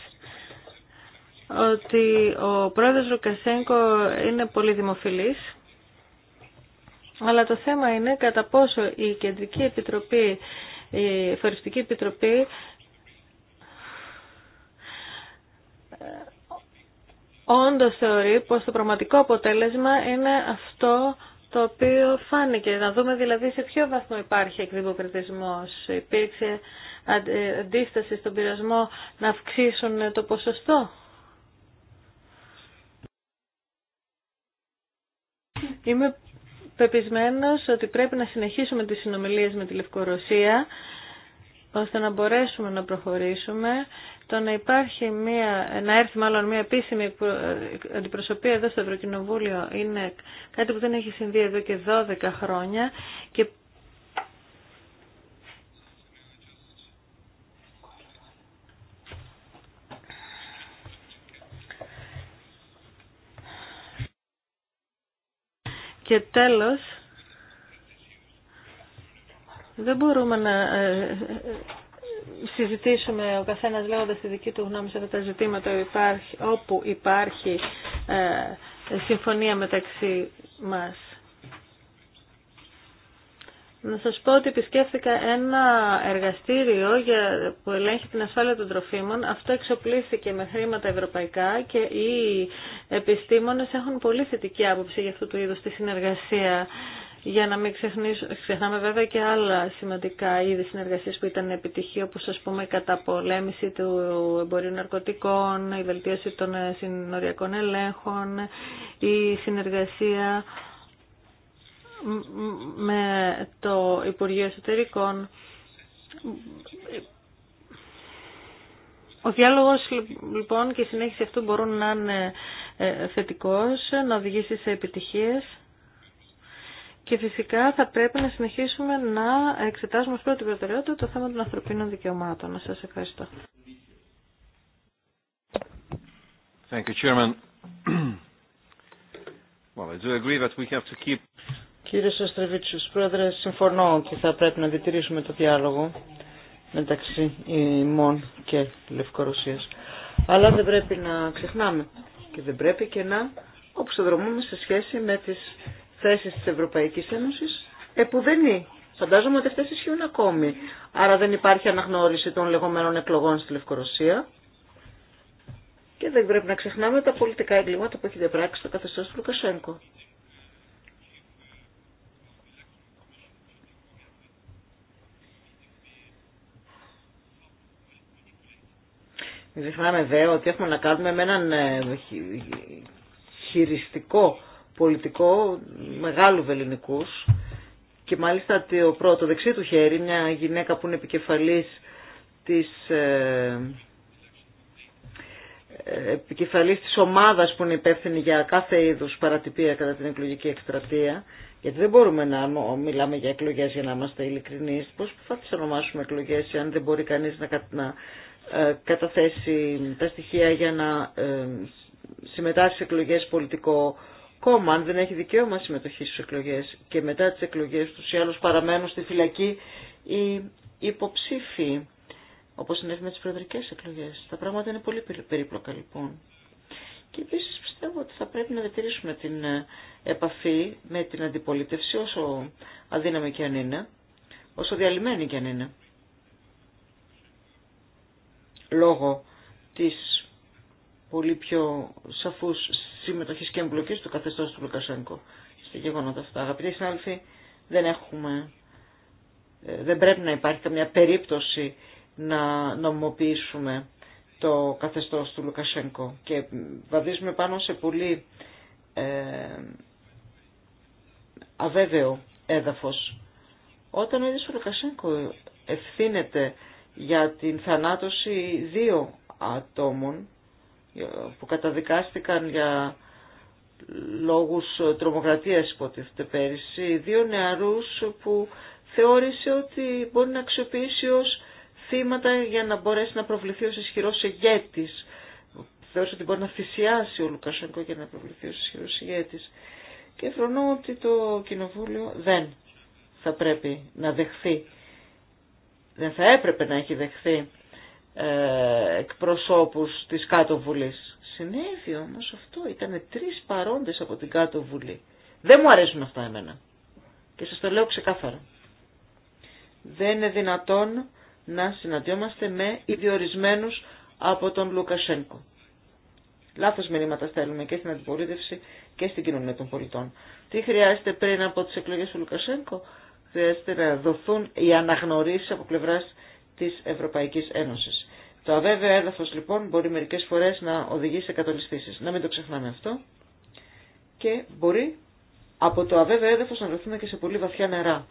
ότι ο πρόεδρος Ρουκασένκο είναι πολύ δημοφιλής, αλλά το θέμα είναι κατά πόσο η Κεντρική Επιτροπή, η Φοριστική Επιτροπή όντως θεωρεί πως το πραγματικό αποτέλεσμα είναι αυτό το οποίο φάνηκε. Να δούμε δηλαδή σε ποιο βαθμό υπάρχει εκδημοκρατισμός. Υπήρξε αντίσταση στον πειρασμό να αυξήσουν το ποσοστό Είμαι πεπισμένος ότι πρέπει να συνεχίσουμε τις συνομιλίες με τη Λευκορωσία ώστε να μπορέσουμε να προχωρήσουμε. Το να υπάρχει μια, να έρθει μάλλον μια επίσημη ε, αντιπροσωπεία εδώ στο Ευρωκοινοβούλιο είναι κάτι που δεν έχει συμβεί εδώ και 12 χρόνια και Και τέλος, δεν μπορούμε να ε, ε, συζητήσουμε ο καθένας λέγοντας τη δική του γνώμη σε αυτά τα ζητήματα υπάρχει, όπου υπάρχει ε, συμφωνία μεταξύ μας. Να σας πω ότι επισκέφθηκα ένα εργαστήριο για, που ελέγχει την ασφάλεια των τροφίμων. Αυτό εξοπλίστηκε με χρήματα ευρωπαϊκά και οι επιστήμονες έχουν πολύ θετική άποψη για αυτού του είδους τη συνεργασία. Για να μην ξεχνάμε βέβαια και άλλα σημαντικά είδη συνεργασίας που ήταν επιτυχή, όπως ας πούμε η καταπολέμηση του εμπορίου ναρκωτικών, η βελτίωση των ε, συνοριακών ελέγχων, η συνεργασία με το Υπουργείο Εσωτερικών. Ο διάλογος λοιπόν και η συνέχιση αυτού μπορούν να είναι ε, θετικός, να οδηγήσει σε επιτυχίες και φυσικά θα πρέπει να συνεχίσουμε να εξετάζουμε ως πρώτη προτεραιότητα το θέμα των ανθρωπίνων δικαιωμάτων. Σας ευχαριστώ. Thank you, Chairman. Well, I do agree that we have to keep Κύριε Σαστρεβίτσιος, πρόεδρε, συμφωνώ ότι θα πρέπει να διατηρήσουμε το διάλογο μεταξύ ημών και Λευκορωσίας. Αλλά δεν πρέπει να ξεχνάμε και δεν πρέπει και να οξοδρομούμε σε σχέση με τις θέσεις της Ευρωπαϊκής Ένωσης επουδενή. Φαντάζομαι ότι αυτές ισχύουν ακόμη. Άρα δεν υπάρχει αναγνώριση των λεγόμενων εκλογών στη Λευκορωσία. Και δεν πρέπει να ξεχνάμε τα πολιτικά εγκλήματα που έχει διαπράξει το καθεστώς του Λουκασέγκο. Μην ξεχνάμε δε ότι έχουμε να κάνουμε με έναν ε, χειριστικό πολιτικό μεγάλου βεληνικούς και μάλιστα το πρώτο δεξί του χέρι, μια γυναίκα που είναι επικεφαλής της ε, ε, επικεφαλής της ομάδας που είναι υπεύθυνη για κάθε είδους παρατυπία κατά την εκλογική εκστρατεία, γιατί δεν μπορούμε να μιλάμε για εκλογές για να είμαστε ειλικρινείς, πώς θα τις ονομάσουμε εκλογές αν δεν μπορεί κανείς να, να ε, καταθέσει τα στοιχεία για να ε, συμμετάσχει σε εκλογές πολιτικό κόμμα, αν δεν έχει δικαίωμα συμμετοχή στις εκλογές και μετά τις εκλογές τους ή άλλους παραμένουν στη φυλακή οι υποψήφοι, όπως συνέβη με τις προεδρικές εκλογές. Τα πράγματα είναι πολύ περίπλοκα λοιπόν. Και επίσης πιστεύω ότι θα πρέπει να διατηρήσουμε την ε, επαφή με την αντιπολίτευση όσο αδύναμη και αν είναι, όσο διαλυμένη και αν είναι λόγω της πολύ πιο σαφούς συμμετοχής και εμπλοκής του καθεστώς του Λουκασέγκο στα γεγονότα αυτά. Αγαπητοί συνάδελφοι, δεν έχουμε, ε, δεν πρέπει να υπάρχει καμιά περίπτωση να νομοποιήσουμε το καθεστώς του Λουκασέγκο και βαδίζουμε πάνω σε πολύ ε, αβέβαιο έδαφος. Όταν ο ίδιος ο Λουκασέγκο ευθύνεται για την θανάτωση δύο ατόμων ε, που καταδικάστηκαν για λόγους τρομοκρατίας υποτίθεται πέρυσι, δύο νεαρούς που θεώρησε ότι μπορεί να αξιοποιήσει ως θύματα για να μπορέσει να προβληθεί ως ισχυρός ηγέτης. Θεώρησε ότι μπορεί να θυσιάσει ο Λουκασένκο για να προβληθεί ως ισχυρός ηγέτης. Και φρονώ ότι το Κοινοβούλιο δεν θα πρέπει να δεχθεί δεν θα έπρεπε να έχει δεχθεί ε, εκπροσώπους της κάτω βουλής. Συνέβη όμως αυτό. Ήταν τρεις παρόντες από την κάτω βουλή. Δεν μου αρέσουν αυτά εμένα. Και σας το λέω ξεκάθαρα. Δεν είναι δυνατόν να συναντιόμαστε με ιδιορισμένους από τον Λουκασένκο. Λάθος μηνύματα στέλνουμε και στην αντιπολίτευση και στην κοινωνία των πολιτών. Τι χρειάζεται πριν από τις εκλογές του Λουκασένκο χρειάζεται να δοθούν οι αναγνωρίσεις από πλευράς της Ευρωπαϊκής Ένωσης. Το αβέβαιο έδαφος λοιπόν μπορεί μερικές φορές να οδηγεί σε κατολιστήσεις. Να μην το ξεχνάμε αυτό. Και μπορεί από το αβέβαιο έδαφος να βρεθούμε και σε πολύ βαθιά νερά.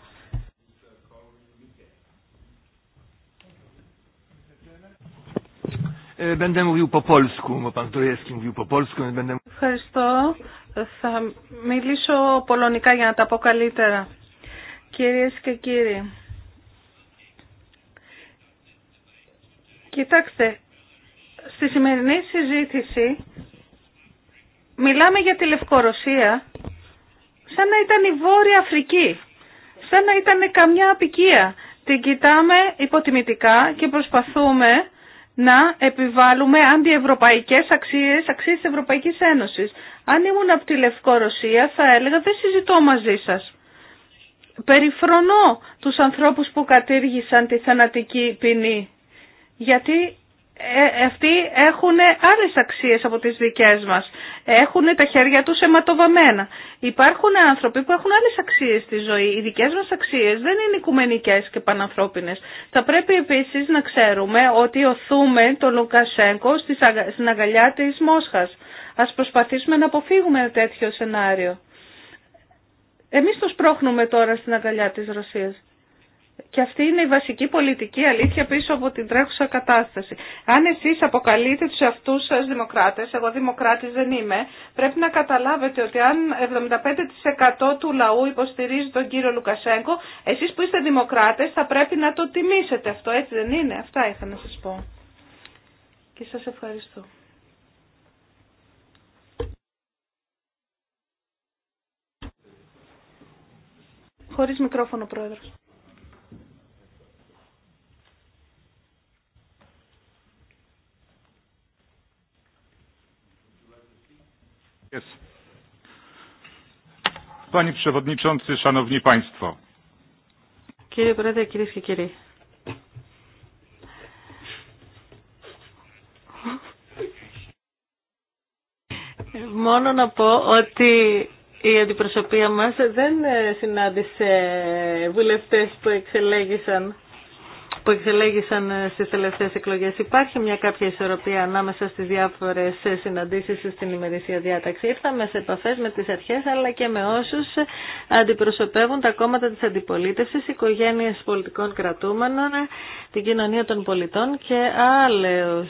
Ευχαριστώ. Θα μιλήσω πολωνικά για να τα πω καλύτερα. Κυρίες και κύριοι, κοιτάξτε, στη σημερινή συζήτηση μιλάμε για τη Λευκορωσία σαν να ήταν η Βόρεια Αφρική, σαν να ήταν καμιά απικία. Την κοιτάμε υποτιμητικά και προσπαθούμε να επιβάλλουμε αντιευρωπαϊκές αξίες, αξίες της Ευρωπαϊκής Ένωσης. Αν ήμουν από τη Λευκορωσία θα έλεγα δεν συζητώ μαζί σας περιφρονώ τους ανθρώπους που κατήργησαν τη θανατική ποινή. Γιατί ε, αυτοί έχουν άλλες αξίες από τις δικές μας. Έχουν τα χέρια τους αιματοβαμμένα. Υπάρχουν άνθρωποι που έχουν άλλες αξίες στη ζωή. Οι δικές μας αξίες δεν είναι οικουμενικές και πανανθρώπινες. Θα πρέπει επίσης να ξέρουμε ότι οθούμε τον Λουκασέγκο στην αγκαλιά της Μόσχας. Ας προσπαθήσουμε να αποφύγουμε ένα τέτοιο σενάριο. Εμείς τους πρόχνουμε τώρα στην αγκαλιά της Ρωσίας. Και αυτή είναι η βασική πολιτική αλήθεια πίσω από την τρέχουσα κατάσταση. Αν εσείς αποκαλείτε τους αυτούς σας δημοκράτες, εγώ δημοκράτης δεν είμαι, πρέπει να καταλάβετε ότι αν 75% του λαού υποστηρίζει τον κύριο Λουκασέγκο, εσείς που είστε δημοκράτες θα πρέπει να το τιμήσετε αυτό, έτσι δεν είναι. Αυτά είχα να σα πω. Και σα ευχαριστώ. χωρί μικρόφωνο, πρόεδρο. Yes. Panie Przewodniczący, Szanowni Państwo. Kiedy Πρόεδρε, κυρίες και κύριοι. Μόνο να πω ότι η αντιπροσωπεία μας δεν ε, συνάντησε βουλευτές που εξελέγησαν που εξελέγησαν ε, στις τελευταίες εκλογές. Υπάρχει μια κάποια ισορροπία ανάμεσα στις διάφορες ε, συναντήσεις στην ημερησία διάταξη. Ήρθαμε σε επαφές με τις αρχές αλλά και με όσους αντιπροσωπεύουν τα κόμματα της αντιπολίτευσης, οικογένειες πολιτικών κρατούμενων, την κοινωνία των πολιτών και άλλους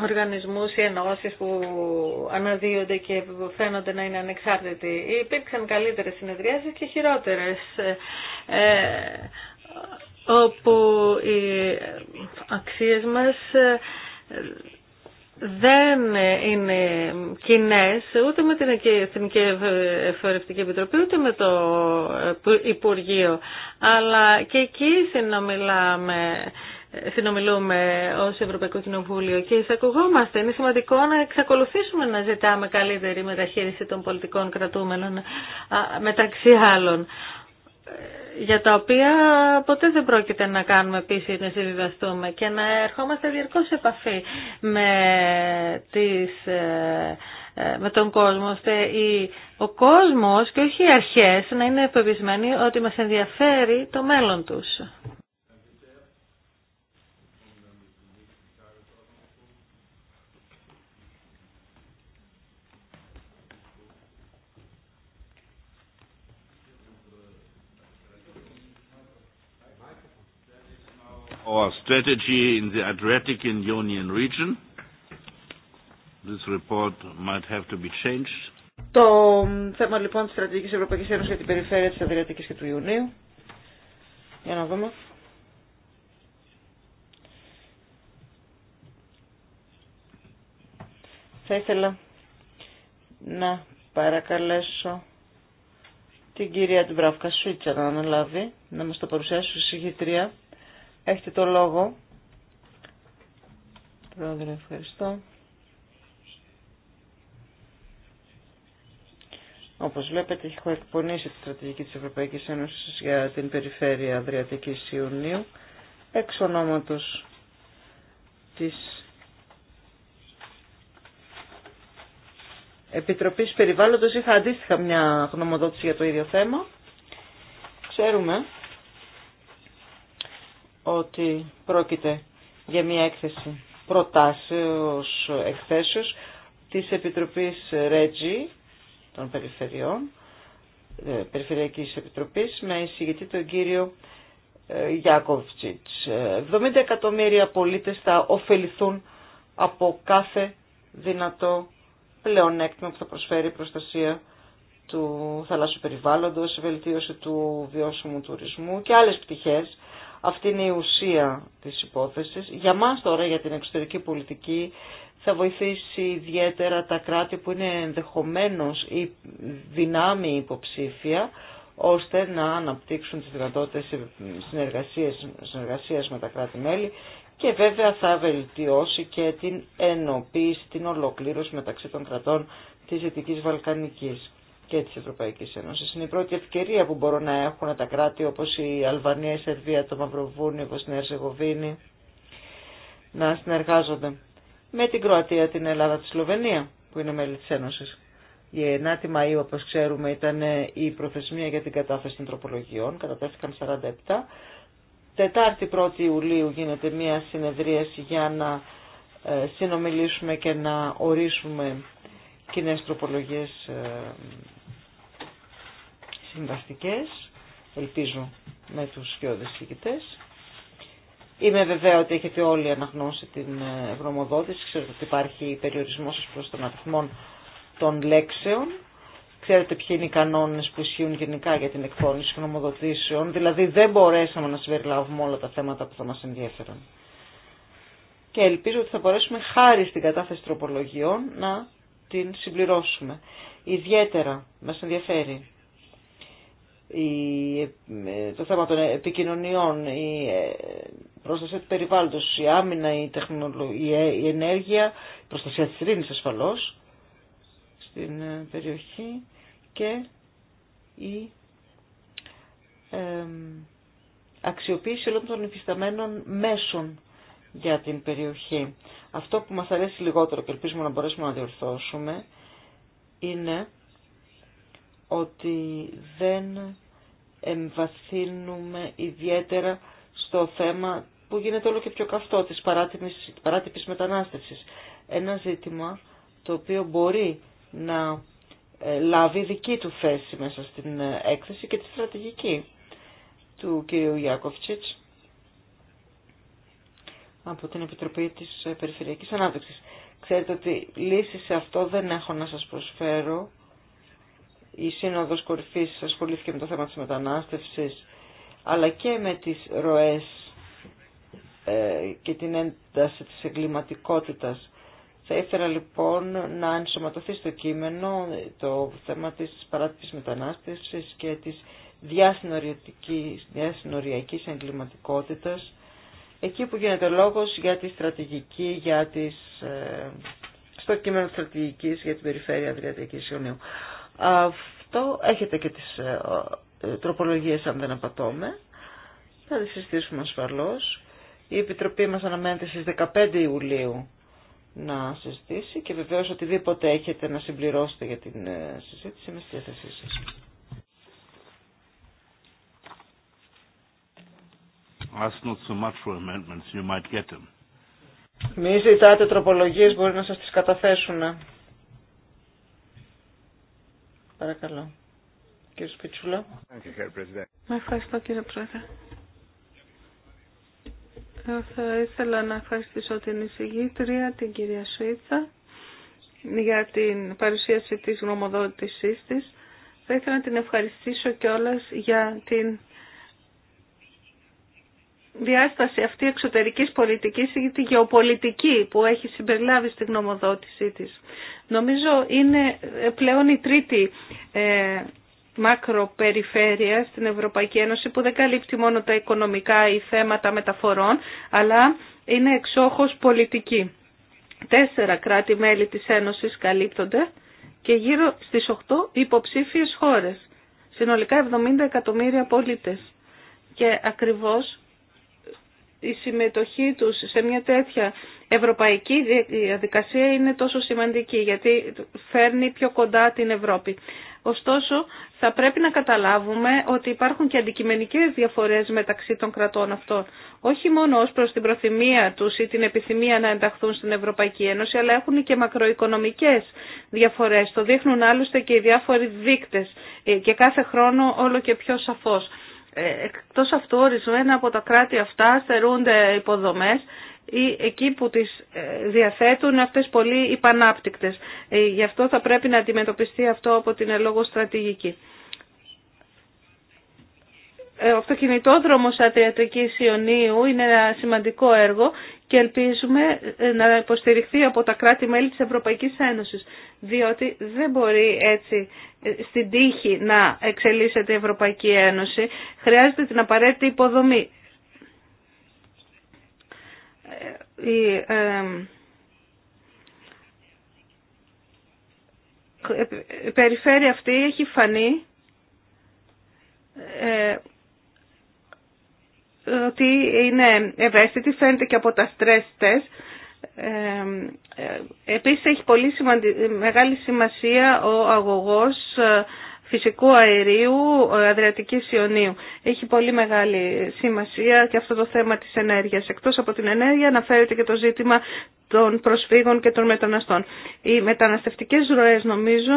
οργανισμούς ή ενώσεις που αναδύονται και φαίνονται να είναι ανεξάρτητοι. Υπήρξαν καλύτερες συνεδριάσεις και χειρότερες ε, όπου οι αξίες μας ε, δεν είναι κοινέ ούτε με την Εθνική Εφορευτική Επιτροπή ούτε με το Υπουργείο. Αλλά και εκεί συνομιλάμε συνομιλούμε ω Ευρωπαϊκό Κοινοβούλιο και εισακουγόμαστε. Είναι σημαντικό να εξακολουθήσουμε να ζητάμε καλύτερη μεταχείριση των πολιτικών κρατούμενων μεταξύ άλλων ε, για τα οποία ποτέ δεν πρόκειται να κάνουμε επίσης να συμβιβαστούμε και να ερχόμαστε διαρκώς σε επαφή με, τις, ε, ε, με τον κόσμο ώστε ο κόσμος και όχι οι αρχές να είναι ευπεπισμένοι ότι μας ενδιαφέρει το μέλλον τους. Το θέμα λοιπόν της Στρατηγικής Ευρωπαϊκής Ένωσης για την περιφέρεια της Αδριατικής και του Ιουνίου. Για να δούμε. Θα ήθελα να παρακαλέσω την κυρία Τμπράφκα Σουίτσα να αναλάβει, να μας το παρουσιάσει ως συγχυτρία. Έχετε το λόγο. Πρόεδρε, ευχαριστώ. Όπως βλέπετε, έχω εκπονήσει τη στρατηγική της Ευρωπαϊκής Ένωσης για την περιφέρεια Αδριατικής Ιουνίου, εξ ονόματος της Επιτροπής Περιβάλλοντος. Είχα αντίστοιχα μια γνωμοδότηση για το ίδιο θέμα. Ξέρουμε ότι πρόκειται για μια έκθεση προτάσεως εκθέσεως της Επιτροπής Ρέτζι των Περιφερειών, ε, Περιφερειακής Επιτροπής, με εισηγητή τον κύριο ε, Γιάκοβτζιτς. 70 εκατομμύρια πολίτες θα ωφεληθούν από κάθε δυνατό πλεονέκτημα που θα προσφέρει η προστασία του θαλάσσιου περιβάλλοντος, η βελτίωση του βιώσιμου τουρισμού και άλλες πτυχές αυτή είναι η ουσία της υπόθεσης. Για μας τώρα, για την εξωτερική πολιτική, θα βοηθήσει ιδιαίτερα τα κράτη που είναι ενδεχομένως ή δυνάμη υποψήφια, ώστε να αναπτύξουν τις δυνατότητες συνεργασίας, με τα κράτη-μέλη και βέβαια θα βελτιώσει και την ενοποίηση, την ολοκλήρωση μεταξύ των κρατών της Δυτικής Βαλκανικής και της Ευρωπαϊκής Ένωσης. Είναι η πρώτη ευκαιρία που μπορούν να έχουν τα κράτη όπως η Αλβανία, η Σερβία, το Μαυροβούνιο, η Βοσνία, η Ζεγοβίνη να συνεργάζονται με την Κροατία, την Ελλάδα, τη Σλοβενία που είναι μέλη της Ένωσης. Η 9η Μαΐου, όπως ξέρουμε, ήταν η προθεσμία για την κατάθεση των τροπολογιών, κατατέθηκαν 47. Τετάρτη 1η Ιουλίου γίνεται μια συνεδρίαση για να ε, συνομιλήσουμε και να ορίσουμε κοινέ τροπολογίε. Ε, συμβαστικές, ελπίζω με τους σκιώδες συγκητές. Είμαι βέβαια ότι έχετε όλοι αναγνώσει την ε, γνωμοδότηση, ξέρετε ότι υπάρχει περιορισμός προς τον αριθμό των λέξεων. Ξέρετε ποιοι είναι οι κανόνες που ισχύουν γενικά για την εκπόνηση γνωμοδοτήσεων, δηλαδή δεν μπορέσαμε να συμπεριλάβουμε όλα τα θέματα που θα μας ενδιαφέραν. Και ελπίζω ότι θα μπορέσουμε χάρη στην κατάθεση τροπολογιών να την συμπληρώσουμε. Ιδιαίτερα μας ενδιαφέρει ε, το θέμα των επικοινωνιών, η ε, προστασία του περιβάλλοντος, η άμυνα, η, ε, η ενέργεια, η προστασία της ειρήνης ασφαλώς στην περιοχή και η αξιοποίηση όλων των υφισταμένων μέσων για την περιοχή. Αυτό που μας αρέσει λιγότερο και ελπίζουμε να μπορέσουμε να διορθώσουμε είναι ότι δεν εμβαθύνουμε ιδιαίτερα στο θέμα που γίνεται όλο και πιο καυτό της παράτυπης, μετανάστευσης. Ένα ζήτημα το οποίο μπορεί να ε, λάβει δική του θέση μέσα στην έκθεση και τη στρατηγική του κ. Ιάκοφτσιτς από την Επιτροπή της Περιφερειακής Ανάπτυξης. Ξέρετε ότι λύσεις σε αυτό δεν έχω να σας προσφέρω η Σύνοδος Κορυφής ασχολήθηκε με το θέμα της μετανάστευσης, αλλά και με τις ροές ε, και την ένταση της εγκληματικότητας. Θα ήθελα λοιπόν να ενσωματωθεί στο κείμενο το θέμα της παράτησης μετανάστευσης και της διασυνοριακής εγκληματικότητας, εκεί που γίνεται λόγος για τη στρατηγική, για τις, ε, στο κείμενο στρατηγικής για την περιφέρεια Αδριατικής Ιωνίου. Αυτό έχετε και τις ε, ε, τροπολογίες αν δεν απατώμε. Θα τις συστήσουμε ασφαλώς. Η Επιτροπή μας αναμένεται στις 15 Ιουλίου να συζητήσει και βεβαίως οτιδήποτε έχετε να συμπληρώσετε για την ε, συζήτηση με στη θέση σας. Ask Μη ζητάτε τροπολογίες, μπορεί να σας τις καταθέσουν. Παρακαλώ. Κύριε Σπιτσούλα. Ευχαριστώ κύριε Πρόεδρε. Θα ήθελα να ευχαριστήσω την εισηγήτρια, την κυρία Σουίτσα, για την παρουσίαση της γνωμοδότησής της. Θα ήθελα να την ευχαριστήσω κιόλας για την διάσταση αυτή εξωτερικής πολιτικής ή τη γεωπολιτική που έχει συμπεριλάβει στη γνωμοδότησή της. Νομίζω είναι πλέον η τρίτη ε, μακροπεριφέρεια στην Ευρωπαϊκή Ένωση που δεν καλύπτει μόνο τα οικονομικά ή θέματα μεταφορών, αλλά είναι εξόχως πολιτική. Τέσσερα κράτη-μέλη της Ένωσης καλύπτονται και γύρω στις 8 υποψήφιες χώρες, συνολικά 70 εκατομμύρια πολίτες. Και ακριβώς η συμμετοχή τους σε μια τέτοια ευρωπαϊκή διαδικασία είναι τόσο σημαντική γιατί φέρνει πιο κοντά την Ευρώπη. Ωστόσο, θα πρέπει να καταλάβουμε ότι υπάρχουν και αντικειμενικές διαφορές μεταξύ των κρατών αυτών. Όχι μόνο ως προς την προθυμία τους ή την επιθυμία να ενταχθούν στην Ευρωπαϊκή Ένωση, αλλά έχουν και μακροοικονομικές διαφορές. Το δείχνουν άλλωστε και οι διάφοροι δείκτες ε, και κάθε χρόνο όλο και πιο σαφώς. Ε, εκτός αυτού, ορισμένα από τα κράτη αυτά στερούνται υποδομές ή εκεί που τις ε, διαθέτουν αυτές πολύ υπανάπτυκτες. Ε, γι' αυτό θα πρέπει να αντιμετωπιστεί αυτό από την ελόγω στρατηγική. Ε, ο αυτοκινητόδρομος Ατριατικής Ιωνίου είναι ένα σημαντικό έργο και ελπίζουμε να υποστηριχθεί από τα κράτη-μέλη της Ευρωπαϊκής Ένωσης, διότι δεν μπορεί έτσι στην τύχη να εξελίσσεται η Ευρωπαϊκή Ένωση. Χρειάζεται την απαραίτητη υποδομή η ε, η περιφέρεια αυτή έχει φανεί ε, ότι είναι ευαίσθητη, φαίνεται και από τα stress test. Ε, επίσης έχει πολύ μεγάλη σημασία ο αγωγός φυσικού αερίου ε, Αδριατικής Ιωνίου. Έχει πολύ μεγάλη σημασία και αυτό το θέμα της ενέργειας. Εκτός από την ενέργεια αναφέρεται και το ζήτημα των προσφύγων και των μεταναστών. Οι μεταναστευτικές ροές νομίζω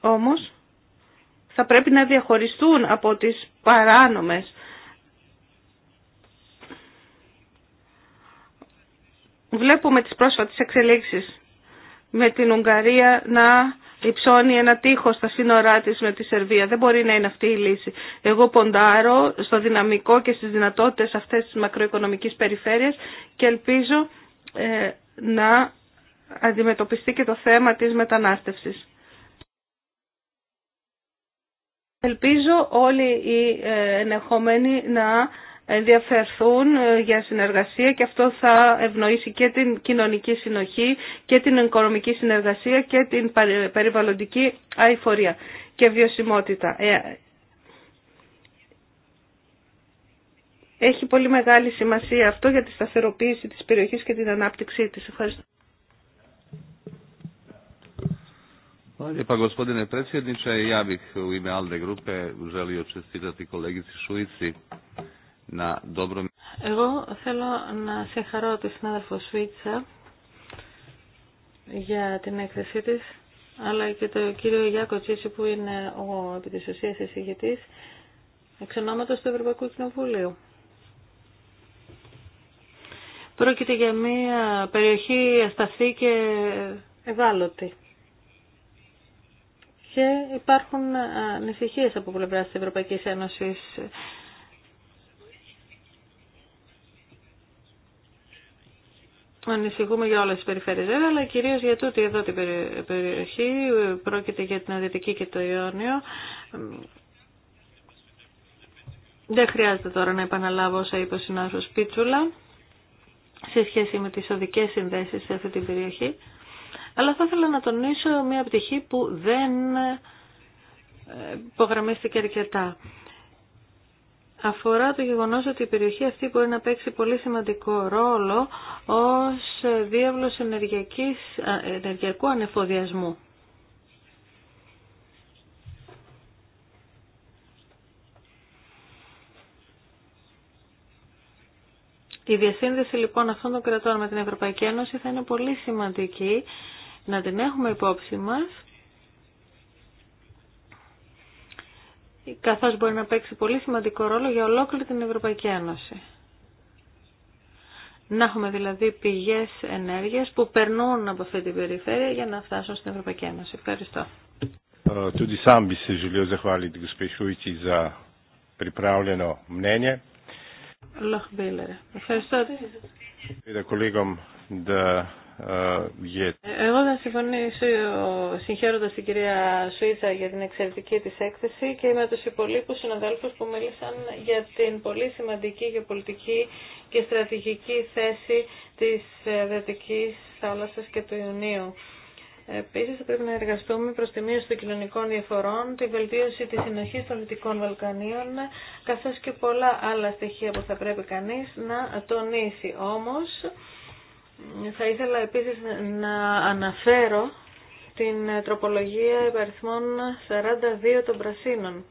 όμως θα πρέπει να διαχωριστούν από τις παράνομες. Βλέπουμε τις πρόσφατες εξελίξεις με την Ουγγαρία να υψώνει ένα τείχο στα σύνορά τη με τη Σερβία. Δεν μπορεί να είναι αυτή η λύση. Εγώ ποντάρω στο δυναμικό και στις δυνατότητες αυτές τη μακροοικονομική περιφέρειας και ελπίζω ε, να αντιμετωπιστεί και το θέμα της μετανάστευση. Ελπίζω όλοι οι ε, ενεχόμενοι να ενδιαφερθούν ε, για συνεργασία και αυτό θα ευνοήσει και την κοινωνική συνοχή και την οικονομική συνεργασία και την περιβαλλοντική αηφορία και βιωσιμότητα. Ε, έχει πολύ μεγάλη σημασία αυτό για τη σταθεροποίηση της περιοχής και την ανάπτυξή της. Ευχαριστώ. Hvala lijepa gospodine predsjedniče. Ja bih u ime να Εγώ θέλω να συγχαρώ τη συνάδελφο Σουίτσα για την έκθεσή της, αλλά και το κύριο Γιάκο Τσίση που είναι ο επί της ουσίας εισηγητής, εξ του Ευρωπαϊκού Κοινοβουλίου. Πρόκειται για μια περιοχή ασταθή και ευάλωτη. Και υπάρχουν ανησυχίε από πλευρά τη Ευρωπαϊκή Ένωση Ανησυχούμε για όλες τις περιφέρειες, αλλά κυρίως για τούτη εδώ την περιοχή, πρόκειται για την Αδυτική και το Ιόνιο. Δεν χρειάζεται τώρα να επαναλάβω όσα είπε ο συνάδελφος Πίτσουλα σε σχέση με τις οδικές συνδέσεις σε αυτή την περιοχή. Αλλά θα ήθελα να τονίσω μια πτυχή που δεν ε, υπογραμμίστηκε αρκετά αφορά το γεγονός ότι η περιοχή αυτή μπορεί να παίξει πολύ σημαντικό ρόλο ως διάβλος ενεργειακού ανεφοδιασμού. Η διασύνδεση λοιπόν αυτών των κρατών με την Ευρωπαϊκή Ένωση θα είναι πολύ σημαντική να την έχουμε υπόψη μας καθώς μπορεί να παίξει πολύ σημαντικό ρόλο για ολόκληρη την Ευρωπαϊκή Ένωση. Να έχουμε δηλαδή πηγές ενέργειας που περνούν από αυτή την περιφέρεια για να φτάσουν στην Ευρωπαϊκή Ένωση. Ευχαριστώ. Ε, Ευχαριστώ. Ε, Εγώ θα συμφωνήσω συγχαίροντα την κυρία Σουίτσα για την εξαιρετική τη έκθεση και με του υπολείπου συναδέλφου που μίλησαν για την πολύ σημαντική πολιτική και στρατηγική θέση της ε, Δυτική θάλασσα και του Ιουνίου. Επίση, θα πρέπει να εργαστούμε προ τη μείωση των κοινωνικών διαφορών, τη βελτίωση τη συνοχή των Δυτικών Βαλκανίων, καθώ και πολλά άλλα στοιχεία που θα πρέπει κανεί να τονίσει. Όμως, θα ήθελα επίσης να αναφέρω την τροπολογία υπαριθμών 42 των πρασίνων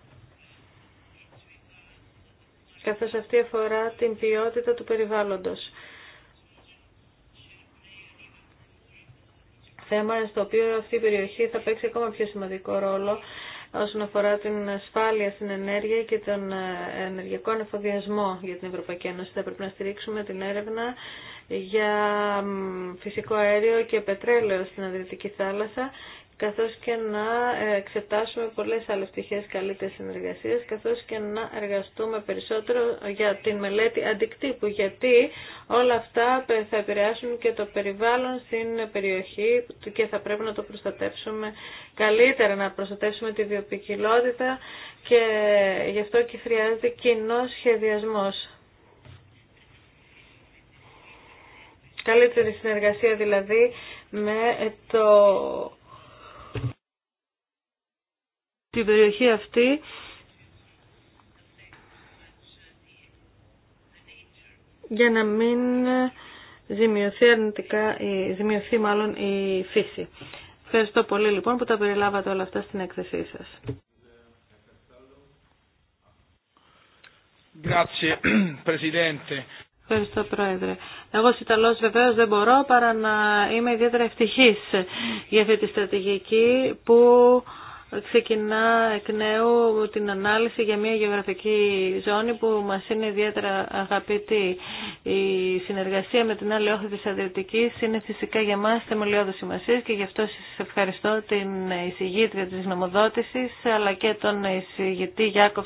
καθώς αυτή αφορά την ποιότητα του περιβάλλοντος. Θέμα στο οποίο αυτή η περιοχή θα παίξει ακόμα πιο σημαντικό ρόλο όσον αφορά την ασφάλεια στην ενέργεια και τον ενεργειακό εφοδιασμό για την Ευρωπαϊκή Ένωση. Θα πρέπει να στηρίξουμε την έρευνα για φυσικό αέριο και πετρέλαιο στην Αδριατική θάλασσα καθώς και να ε, εξετάσουμε πολλές άλλες πτυχές καλύτερης συνεργασίας, καθώς και να εργαστούμε περισσότερο για την μελέτη αντικτύπου, γιατί όλα αυτά θα επηρεάσουν και το περιβάλλον στην περιοχή και θα πρέπει να το προστατεύσουμε καλύτερα, να προστατεύσουμε τη βιοποικιλότητα και γι' αυτό και χρειάζεται κοινό σχεδιασμός. Καλύτερη συνεργασία δηλαδή με το... την περιοχή αυτή για να μην ζημιωθεί αρνητικά, ζημιωθεί μάλλον η φύση. Ευχαριστώ πολύ λοιπόν που τα περιλάβατε όλα αυτά στην έκθεσή σας. Ευχαριστώ, Πρόεδρε. Εγώ ως Ιταλός βεβαίως δεν μπορώ παρά να είμαι ιδιαίτερα ευτυχής για αυτή τη στρατηγική που ξεκινά εκ νέου την ανάλυση για μια γεωγραφική ζώνη που μας είναι ιδιαίτερα αγαπητή. Η συνεργασία με την άλλη όχθη της Αδριατικής είναι φυσικά για μας θεμελιώδη σημασία και γι' αυτό σας ευχαριστώ την εισηγήτρια της γνωμοδότησης αλλά και τον εισηγητή Γιάκοφ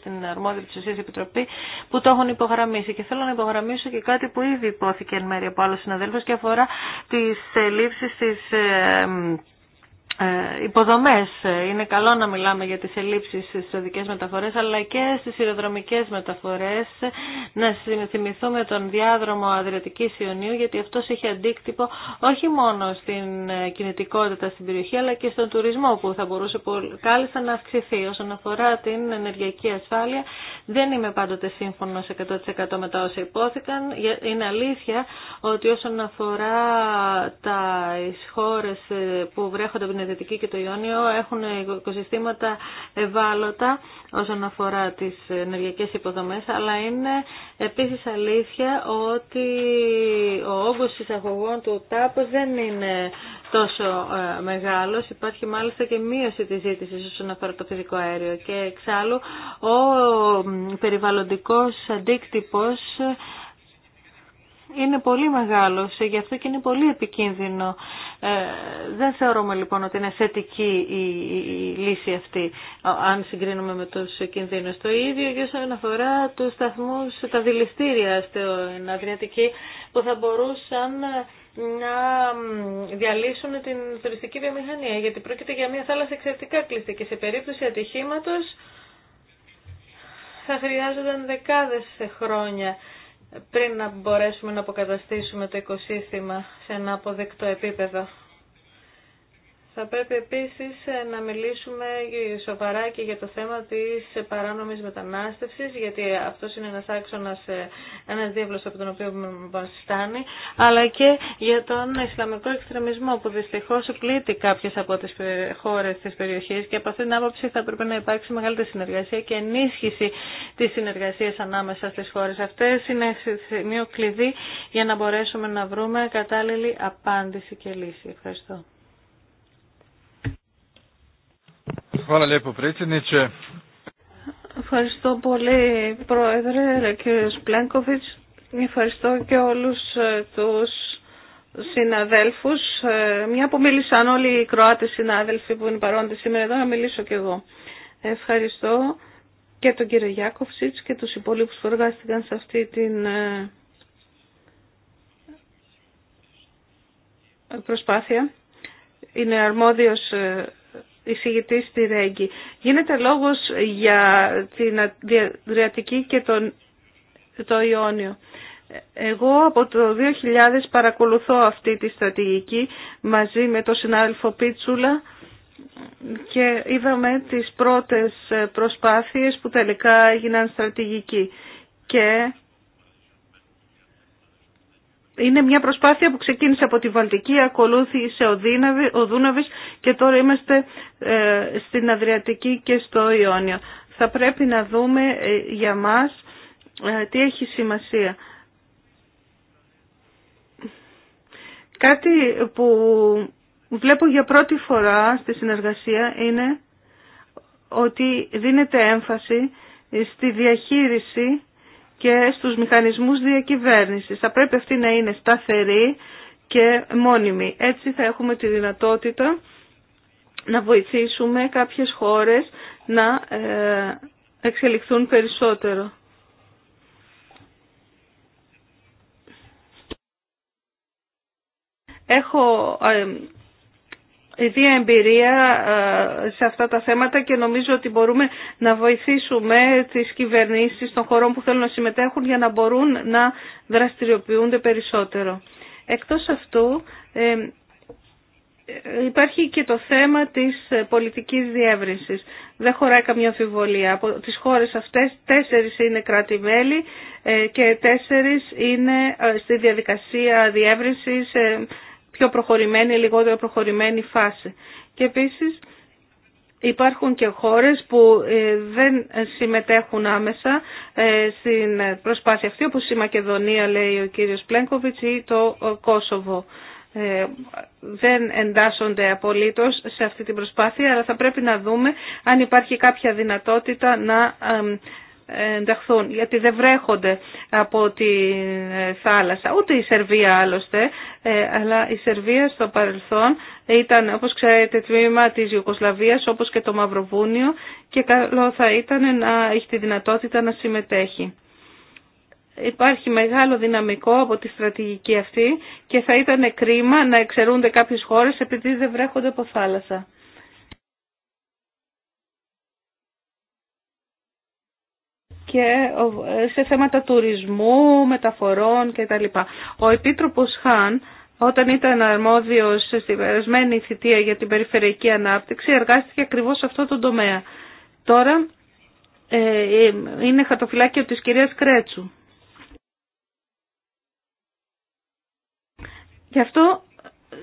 στην αρμόδια της Ουσίας Επιτροπή που το έχουν υπογραμμίσει. Και θέλω να υπογραμμίσω και κάτι που ήδη υπόθηκε εν μέρει από άλλους συναδέλφους και αφορά τις λήψεις της ε, ε, υποδομές. Ε, είναι καλό να μιλάμε για τις ελλείψεις στις οδικές μεταφορές αλλά και στις σειροδρομικές μεταφορές. Να θυμηθούμε τον διάδρομο Αδριατική Ιωνίου γιατί αυτός έχει αντίκτυπο όχι μόνο στην ε, κινητικότητα στην περιοχή αλλά και στον τουρισμό που θα μπορούσε κάλλιστα να αυξηθεί. Όσον αφορά την ενεργειακή ασφάλεια δεν είμαι πάντοτε σύμφωνο 100% με τα όσα υπόθηκαν. Είναι αλήθεια ότι όσον αφορά τα χώρε που βρέχονται από την Δυτική και το Ιόνιο έχουν οικοσυστήματα ευάλωτα όσον αφορά τις ενεργειακές υποδομές, αλλά είναι επίσης αλήθεια ότι ο όγκος εισαγωγών του τάπος δεν είναι τόσο ε, μεγάλος. Υπάρχει μάλιστα και μείωση της ζήτηση όσον αφορά το φυσικό αέριο. Και εξάλλου ο περιβαλλοντικός αντίκτυπος είναι πολύ μεγάλος, γι' αυτό και είναι πολύ επικίνδυνο. Ε, δεν θεωρούμε λοιπόν ότι είναι θετική η, λύση αυτή, αν συγκρίνουμε με τους κινδύνους. Το ίδιο και όσον αφορά τους σταθμούς, τα δηληστήρια στην Αδριατική, που θα μπορούσαν να διαλύσουν την τουριστική βιομηχανία, γιατί πρόκειται για μια θάλασσα εξαιρετικά κλειστή και σε περίπτωση ατυχήματος θα χρειάζονταν δεκάδες χρόνια πριν να μπορέσουμε να αποκαταστήσουμε το οικοσύστημα σε ένα αποδεκτό επίπεδο. Θα πρέπει επίσης ε, να μιλήσουμε σοβαρά και για το θέμα της ε, παράνομης μετανάστευσης, γιατί αυτός είναι ένας άξονας, ε, ένας διεύλος από τον οποίο μας αλλά και για τον Ισλαμικό εξτρεμισμό που δυστυχώς πλήττει κάποιες από τις χώρες της περιοχής και από αυτή την άποψη θα πρέπει να υπάρξει μεγαλύτερη συνεργασία και ενίσχυση της συνεργασίας ανάμεσα στις χώρες αυτές. Είναι σημείο κλειδί για να μπορέσουμε να βρούμε κατάλληλη απάντηση και λύση. Ευχαριστώ. Ευχαριστώ πολύ, Πρόεδρε, κύριε Σπλένκοβιτς. Ευχαριστώ και όλους ε, τους συναδέλφους. Ε, μια που μίλησαν όλοι οι Κροάτες συνάδελφοι που είναι παρόντες σήμερα εδώ, να μιλήσω και εγώ. Ευχαριστώ και τον κύριο Γιάκοφσιτς και τους υπόλοιπους που εργάστηκαν σε αυτή την ε, προσπάθεια. Είναι αρμόδιος η στη Γίνεται λόγος για την Αδριατική και τον, το Ιόνιο. Εγώ από το 2000 παρακολουθώ αυτή τη στρατηγική μαζί με τον συνάδελφο Πίτσουλα και είδαμε τις πρώτες προσπάθειες που τελικά έγιναν στρατηγική και είναι μια προσπάθεια που ξεκίνησε από τη Βαλτική, ακολούθησε ο, Δύναβη, ο Δούναβης και τώρα είμαστε ε, στην Αδριατική και στο Ιόνιο. Θα πρέπει να δούμε ε, για μας ε, τι έχει σημασία. Κάτι που βλέπω για πρώτη φορά στη συνεργασία είναι ότι δίνεται έμφαση στη διαχείριση και στους μηχανισμούς διακυβέρνησης. Θα πρέπει αυτή να είναι σταθερή και μόνιμη. Έτσι θα έχουμε τη δυνατότητα να βοηθήσουμε κάποιες χώρες να ε, εξελιχθούν περισσότερο. Έχω ε, ιδία εμπειρία ε, σε αυτά τα θέματα και νομίζω ότι μπορούμε να βοηθήσουμε τις κυβερνήσεις των χωρών που θέλουν να συμμετέχουν για να μπορούν να δραστηριοποιούνται περισσότερο. Εκτός αυτού ε, υπάρχει και το θέμα της πολιτικής διεύρυνσης. Δεν χωράει καμία αμφιβολία. Από τις χώρες αυτές τέσσερις είναι κράτη-μέλη ε, και τέσσερις είναι στη διαδικασία διεύρυνσης πιο προχωρημένη, λιγότερο προχωρημένη φάση. Και επίσης υπάρχουν και χώρες που ε, δεν συμμετέχουν άμεσα ε, στην προσπάθεια αυτή, όπως η Μακεδονία λέει ο κύριος Πλένκοβιτς ή το ε, Κόσοβο. δεν εντάσσονται απολύτως σε αυτή την προσπάθεια, αλλά θα πρέπει να δούμε αν υπάρχει κάποια δυνατότητα να ενταχθούν, γιατί δεν βρέχονται από τη ε, θάλασσα, ούτε η Σερβία άλλωστε, ε, αλλά η Σερβία στο παρελθόν ήταν, όπως ξέρετε, τμήμα της Ιουκοσλαβίας, όπως και το Μαυροβούνιο και καλό θα ήταν να έχει τη δυνατότητα να συμμετέχει. Υπάρχει μεγάλο δυναμικό από τη στρατηγική αυτή και θα ήταν κρίμα να εξαιρούνται κάποιες χώρες επειδή δεν βρέχονται από θάλασσα. και σε θέματα τουρισμού, μεταφορών κτλ. Ο Επίτροπος Χάν, όταν ήταν αρμόδιος στην περασμένη θητεία για την περιφερειακή ανάπτυξη, εργάστηκε ακριβώς σε αυτό το τομέα. Τώρα ε, είναι χατοφυλάκιο της κυρίας Κρέτσου. Γι' αυτό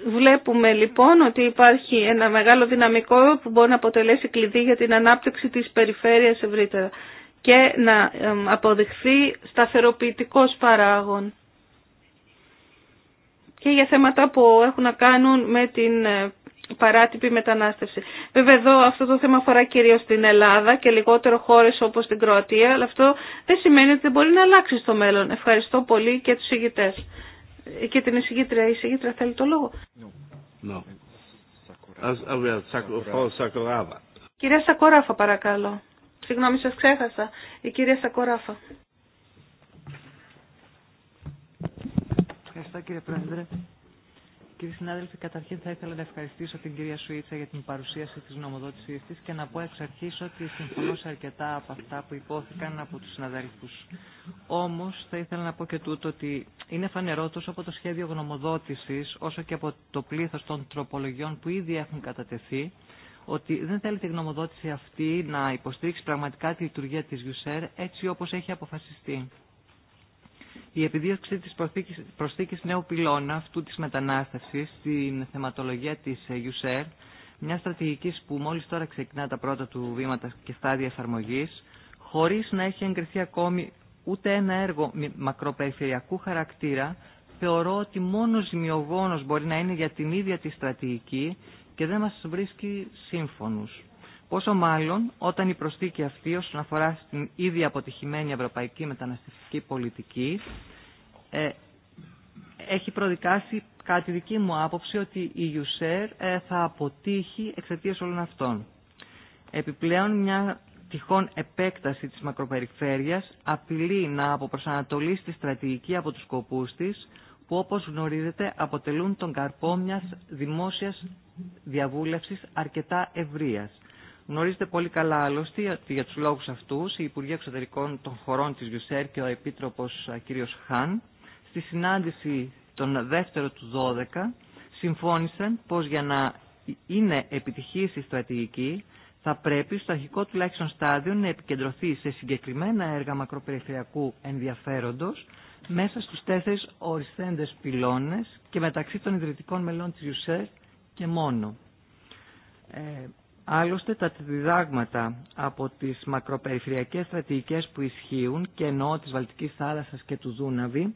βλέπουμε λοιπόν ότι υπάρχει ένα μεγάλο δυναμικό που μπορεί να αποτελέσει κλειδί για την ανάπτυξη της περιφέρειας ευρύτερα και να αποδειχθεί σταθεροποιητικός παράγων. Και για θέματα που έχουν να κάνουν με την παράτυπη μετανάστευση. Βέβαια εδώ αυτό το θέμα αφορά κυρίως την Ελλάδα και λιγότερο χώρες όπως την Κροατία, αλλά αυτό δεν σημαίνει ότι δεν μπορεί να αλλάξει στο μέλλον. Ευχαριστώ πολύ και τους ηγητές. Και την εισηγήτρια. Η εισηγήτρια θέλει το λόγο. Κυρία Σακοράφα παρακαλώ. Συγγνώμη, σας ξέχασα. Η κυρία Σακοράφα. Ευχαριστώ κύριε Πρόεδρε. Κύριοι συνάδελφοι, καταρχήν θα ήθελα να ευχαριστήσω την κυρία Σουίτσα για την παρουσίαση της νομοδότησής της και να πω εξ αρχής ότι συμφωνώ σε αρκετά από αυτά που υπόθηκαν από τους συναδέλφους. Όμως θα ήθελα να πω και τούτο ότι είναι φανερό τόσο από το σχέδιο γνωμοδότησης όσο και από το πλήθος των τροπολογιών που ήδη έχουν κατατεθεί ότι δεν θέλει τη γνωμοδότηση αυτή να υποστήριξει πραγματικά τη λειτουργία της USER έτσι όπως έχει αποφασιστεί. Η επιδίωξη της προσθήκης νέου πυλώνα αυτού της μετανάστευσης στην θεματολογία της ε, USER, μια στρατηγική που μόλις τώρα ξεκινά τα πρώτα του βήματα και στάδια εφαρμογής, χωρίς να έχει εγκριθεί ακόμη ούτε ένα έργο μακροπεριφερειακού χαρακτήρα, θεωρώ ότι μόνο ζημιογόνος μπορεί να είναι για την ίδια τη στρατηγική και δεν μας βρίσκει σύμφωνους. Πόσο μάλλον όταν η προσθήκη αυτή όσον αφορά στην ήδη αποτυχημένη ευρωπαϊκή μεταναστευτική πολιτική ε, έχει προδικάσει κάτι δική μου άποψη ότι η USER ε, θα αποτύχει εξαιτίας όλων αυτών. Επιπλέον μια τυχόν επέκταση της μακροπεριφέρειας απειλεί να αποπροσανατολίσει τη στρατηγική από τους σκοπούς της που όπως γνωρίζετε αποτελούν τον καρπό μιας δημόσιας διαβούλευσης αρκετά ευρείας. Γνωρίζετε πολύ καλά άλλωστε ότι για τους λόγους αυτούς οι Υπουργοί Εξωτερικών των χωρών της Γιουσέρ και ο Επίτροπος κ. Χάν στη συνάντηση τον 2ο του 12 συμφώνησαν πως για να είναι επιτυχής η στρατηγική θα πρέπει στο αρχικό τουλάχιστον στάδιο να επικεντρωθεί σε συγκεκριμένα έργα μακροπεριφερειακού ενδιαφέροντος μέσα στους τέσσερις οριστέντες πυλώνες και μεταξύ των ιδρυτικών μελών της ΙΟΣΕ και μόνο. Ε, άλλωστε τα διδάγματα από τις μακροπεριφερειακές στρατηγικές που ισχύουν και εννοώ της Βαλτικής θάλασσας και του Δούναβη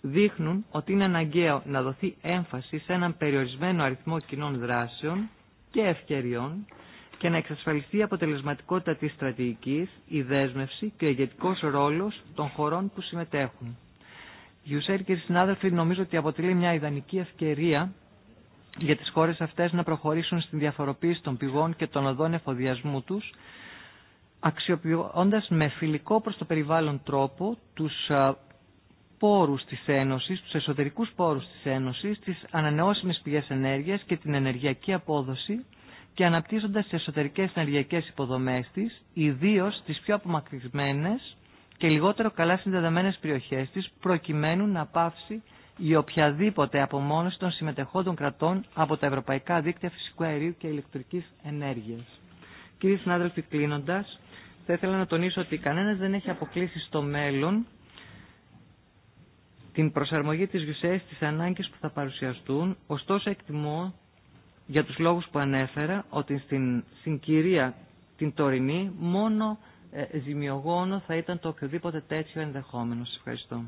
δείχνουν ότι είναι αναγκαίο να δοθεί έμφαση σε έναν περιορισμένο αριθμό κοινών δράσεων και ευκαιριών και να εξασφαλιστεί η αποτελεσματικότητα της στρατηγικής, η δέσμευση και ο ηγετικός ρόλος των χωρών που συμμετέχουν. Γιουσέρ, κύριοι συνάδελφοι, νομίζω ότι αποτελεί μια ιδανική ευκαιρία για τις χώρες αυτές να προχωρήσουν στην διαφοροποίηση των πηγών και των οδών εφοδιασμού τους, αξιοποιώντας με φιλικό προς το περιβάλλον τρόπο τους πόρους της Ένωσης, τους εσωτερικούς πόρους της Ένωσης, τις ανανεώσιμες πηγές ενέργειας και την ενεργειακή απόδοση και αναπτύσσοντας τις εσωτερικές ενεργειακές υποδομές της, ιδίως τις πιο απομακρυσμένες και λιγότερο καλά συνδεδεμένες περιοχές της προκειμένου να πάυσει η οποιαδήποτε απομόνωση των συμμετεχόντων κρατών από τα ευρωπαϊκά δίκτυα φυσικού αερίου και ηλεκτρικής ενέργειας. Κύριοι συνάδελφοι, κλείνοντα, θα ήθελα να τονίσω ότι κανένας δεν έχει αποκλείσει στο μέλλον την προσαρμογή της γιουσέης στις ανάγκες που θα παρουσιαστούν, ωστόσο εκτιμώ για τους λόγους που ανέφερα ότι στην συγκυρία την τωρινή μόνο ε, ζημιογόνο θα ήταν το οποιοδήποτε τέτοιο ενδεχόμενο. Σας ευχαριστώ.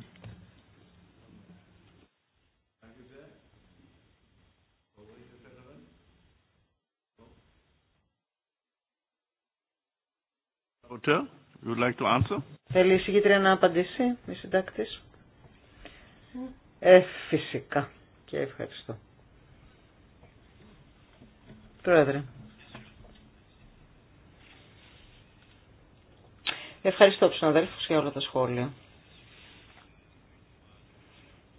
Θέλει η συγκήτρια να απαντήσει, η συντάκτης. Ε, φυσικά. Και ευχαριστώ. Πρόεδρε. Ευχαριστώ τους συναδέλφους για όλα τα σχόλια.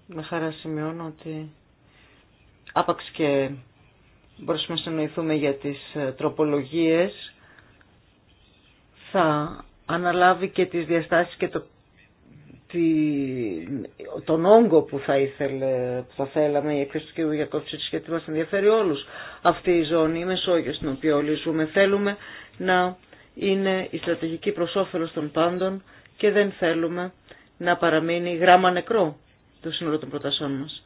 Με χαρά σημειώνω ότι άπαξ και μπορούμε να συνοηθούμε για τις ε, τροπολογίες θα αναλάβει και τις διαστάσεις και το, τη, τον όγκο που θα, ήθελε, που θα θέλαμε η εκθέση του κ. Γιακόψης γιατί μας ενδιαφέρει όλους αυτή η ζώνη, η Μεσόγειο στην οποία όλοι ζούμε. Θέλουμε να είναι η στρατηγική προς όφελος των πάντων και δεν θέλουμε να παραμείνει γράμμα νεκρό το σύνολο των προτασών μας.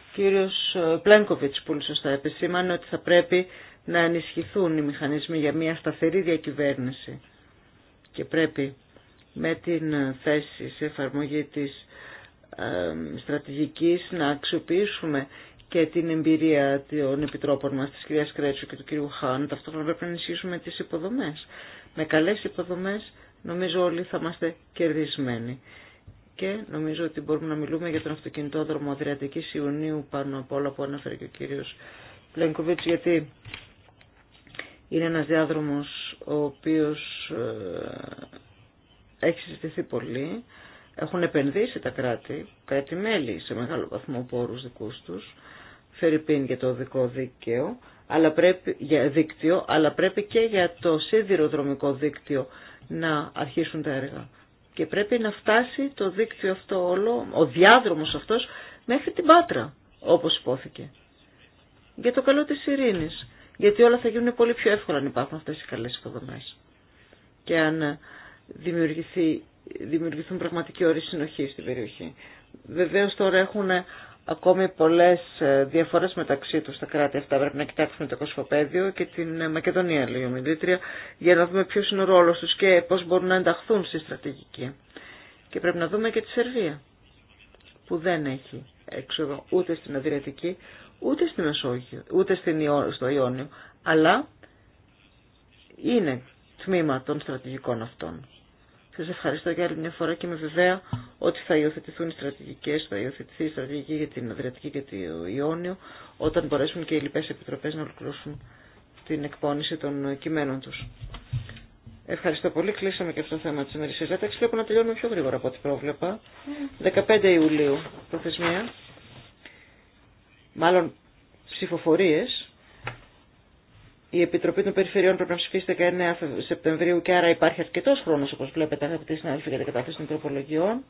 Ο κύριος ε, Πλένκοβιτς πολύ σωστά επισήμανε ότι θα πρέπει να ενισχυθούν οι μηχανισμοί για μια σταθερή διακυβέρνηση και πρέπει με την θέση σε εφαρμογή της ε, στρατηγικής να αξιοποιήσουμε και την εμπειρία των επιτρόπων μα τη κυρία Κρέτσου και του κυρίου Χάν, ταυτόχρονα πρέπει να ενισχύσουμε τις υποδομές. Με καλές υποδομές νομίζω όλοι θα είμαστε κερδισμένοι. Και νομίζω ότι μπορούμε να μιλούμε για τον αυτοκινητόδρομο Αδριατικής Ιουνίου πάνω από όλα που αναφέρει και ο κύριος Πλένκοβιτς, γιατί είναι ένας διάδρομο ο οποίος ε, έχει συζητηθεί πολύ. Έχουν επενδύσει τα κράτη, κράτη-μέλη σε μεγάλο βαθμό πόρους δικούς τους Φερρυπίν για το οδικό δίκαιο, αλλά πρέπει, για δίκτυο, αλλά πρέπει και για το σιδηροδρομικό δίκτυο να αρχίσουν τα έργα. Και πρέπει να φτάσει το δίκτυο αυτό όλο, ο διάδρομος αυτός, μέχρι την Πάτρα, όπως υπόθηκε. Για το καλό της ειρήνης. Γιατί όλα θα γίνουν πολύ πιο εύκολα αν υπάρχουν αυτές οι καλές υποδομές. Και αν ε, δημιουργηθούν πραγματικοί όροι συνοχή στην περιοχή. Βεβαίως τώρα έχουν ε, ακόμη πολλές ε, διαφορές μεταξύ τους στα κράτη αυτά. Πρέπει να κοιτάξουμε το κοσμοπέδιο και την ε, Μακεδονία, λέει ο Μιλήτρια, για να δούμε ποιος είναι ο ρόλος τους και πώς μπορούν να ενταχθούν στη στρατηγική. Και πρέπει να δούμε και τη Σερβία, που δεν έχει έξοδο ούτε στην Αδριατική, ούτε στην Μεσόγειο, ούτε στην στο Ιόνιο, αλλά είναι τμήμα των στρατηγικών αυτών. Σα ευχαριστώ για άλλη μια φορά και είμαι βεβαία ότι θα υιοθετηθούν οι στρατηγικέ θα υιοθετηθεί η στρατηγική για την Αδριατική και το Ιόνιο, όταν μπορέσουν και οι λοιπέ επιτροπέ να ολοκληρώσουν την εκπόνηση των κειμένων του. Ευχαριστώ πολύ. Κλείσαμε και αυτό το θέμα της ημερήσια διάταξης. Βλέπω να τελειώνουμε πιο γρήγορα από ό,τι πρόβλεπα. 15 Ιουλίου προθεσμία. Μάλλον ψηφοφορίες η Επιτροπή των Περιφερειών πρέπει να ψηφίσει 19 Σεπτεμβρίου και άρα υπάρχει αρκετό χρόνο, όπω βλέπετε, αγαπητοί συνάδελφοι, για την κατάθεση των τροπολογιών.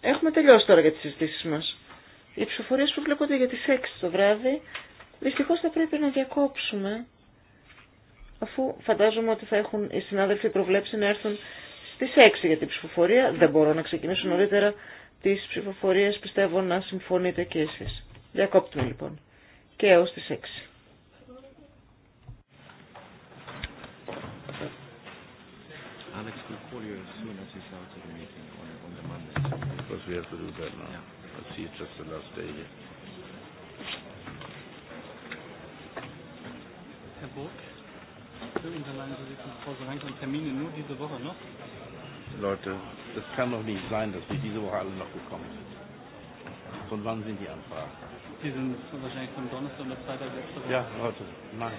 Έχουμε τελειώσει τώρα για τι συζητήσει μα. Οι ψηφοφορίε που βλέπονται για τι 6 το βράδυ, δυστυχώ θα πρέπει να διακόψουμε, αφού φαντάζομαι ότι θα έχουν οι συνάδελφοι προβλέψει να έρθουν στι 6 για την ψηφοφορία. Δεν μπορώ να ξεκινήσω νωρίτερα τι ψηφοφορίε, πιστεύω να συμφωνείτε κι εσεί. Διακόπτουμε λοιπόν και έως τις 6. Alex will call you as soon as he's out of the meeting on, on the Monday. Because we have to do that now. Yeah. Let's see, it's just the last day here. Herr Burg, für Unterlagen Sie sitzen vor so langsam Termine nur diese Woche noch? Leute, das kann doch nicht sein, dass wir diese Woche alle noch gekommen sind. Von wann sind die Anfragen? Die sind wahrscheinlich von Donnerstag oder Freitag letzte Woche. Ja, heute. Nein.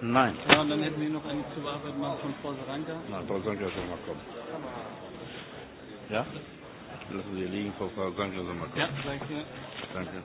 Nein. Ja, und dann hätten wir noch eine Zuarbeit mal von Frau Saranka. Nein, Frau Saranka soll mal kommen. Ja? Lassen Sie liegen, Frau Saranka soll mal kommen. Ja, danke. Danke.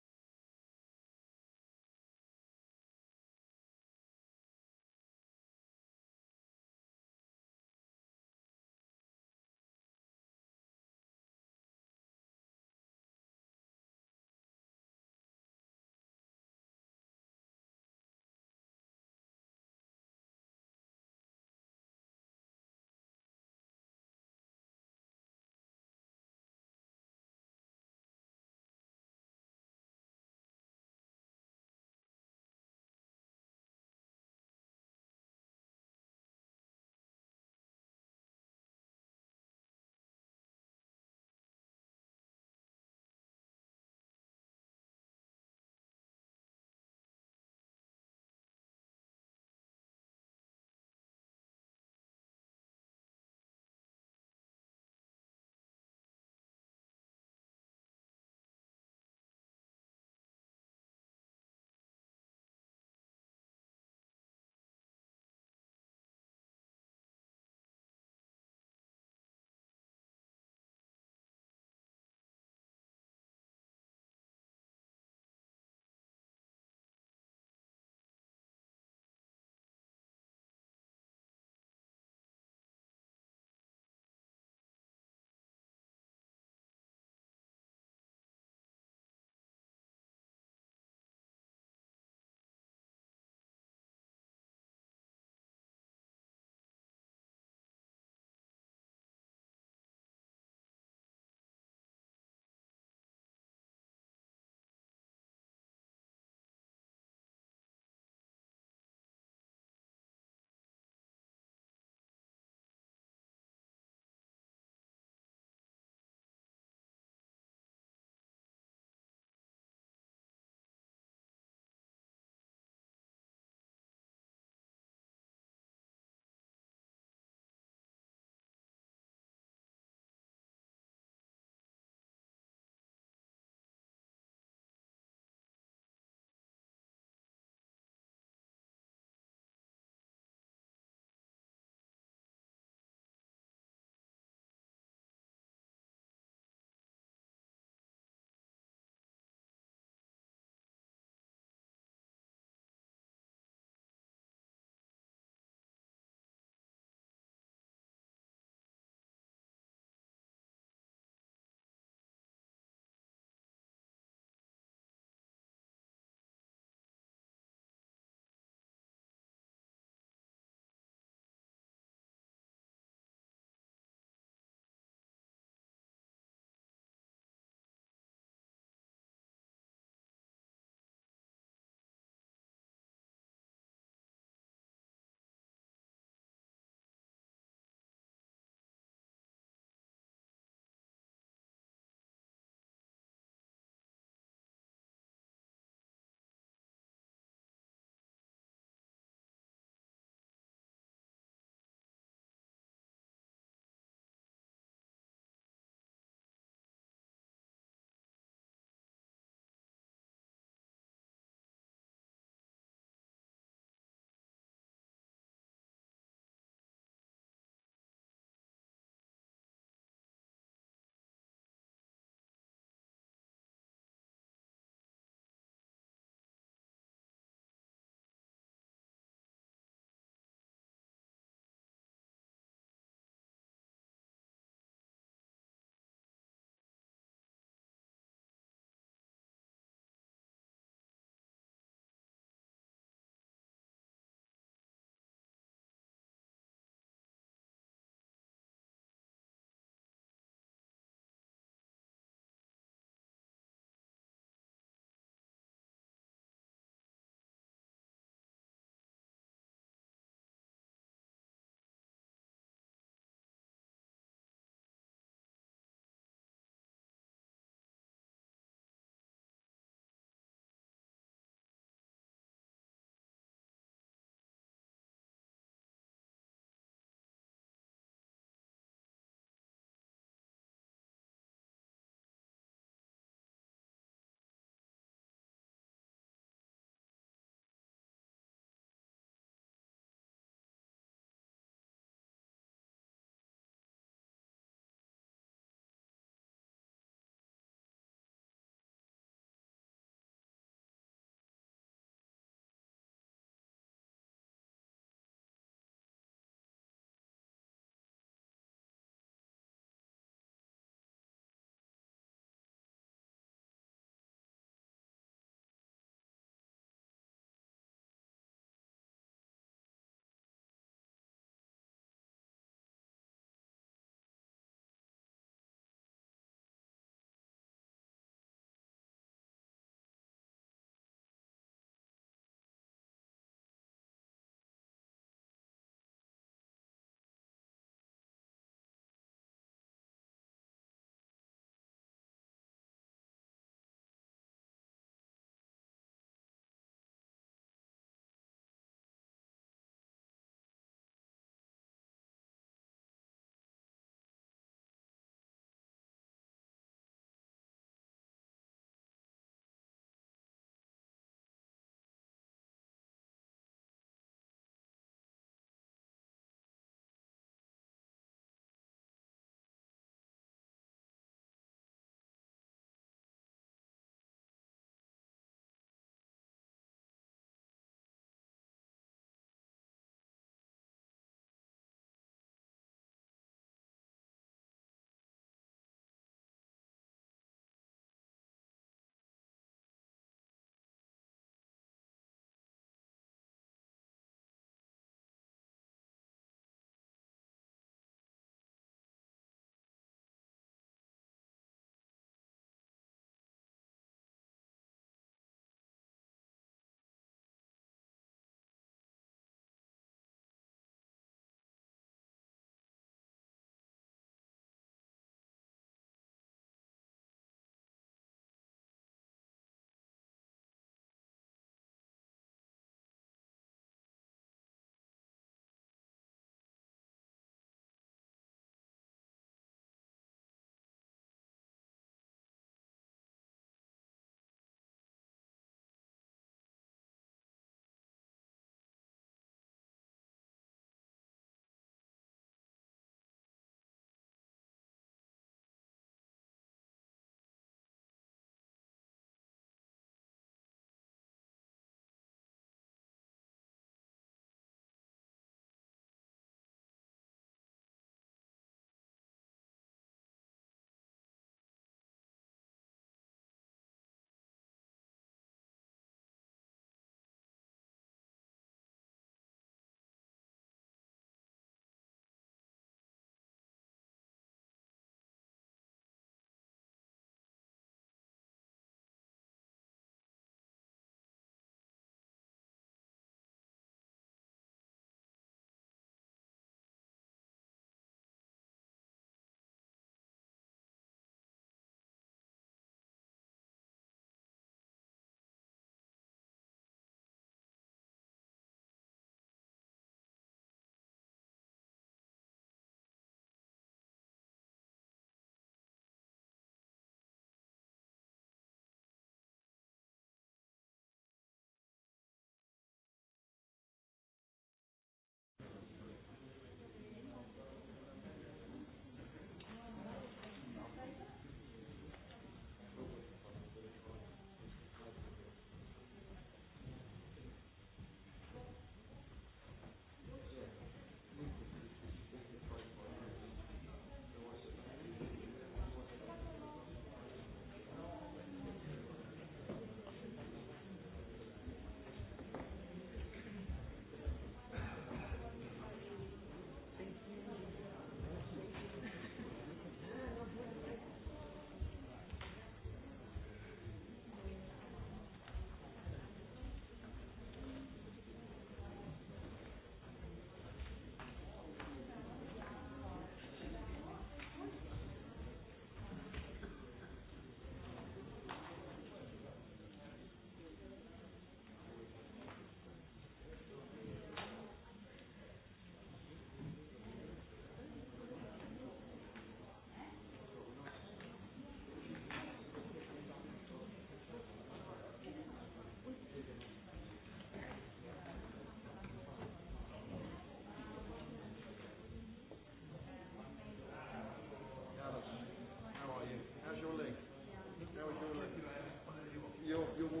You're,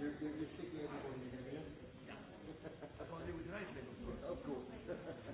you're, you're sticking everybody in here. That's what I do with your eyes, Of course.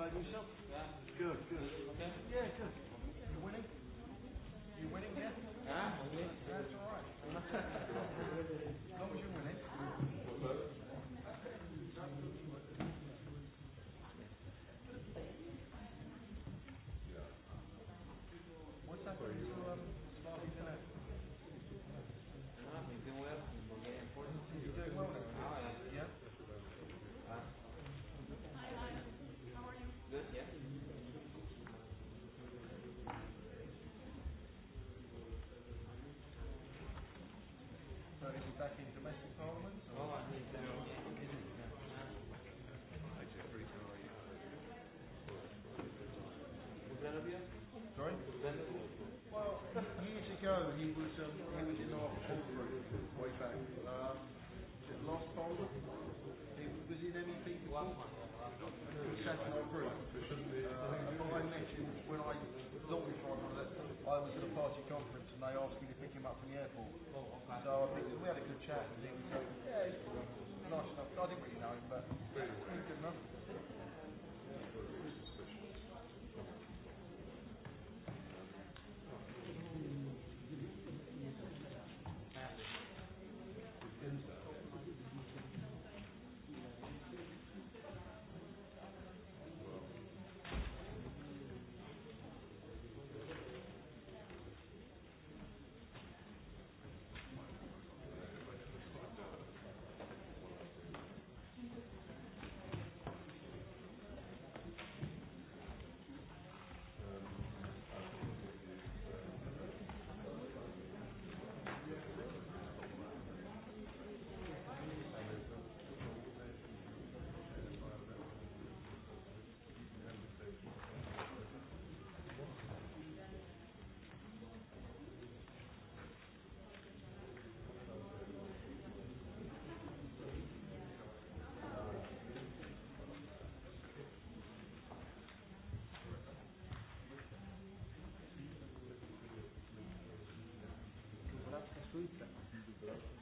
satisfied Good, good. good. You winning? You winning, yeah? Huh? back in domestic parliaments? Or? I think Sorry? Well, years ago he was um, he was in our whole group way back. Um, was it last Poland? He was in MEP last one. He sat in our group. Uh, I met him when I long before I left. I was at a party conference and they asked me to pick him up from the airport. So I think we had a good chat. Thank you.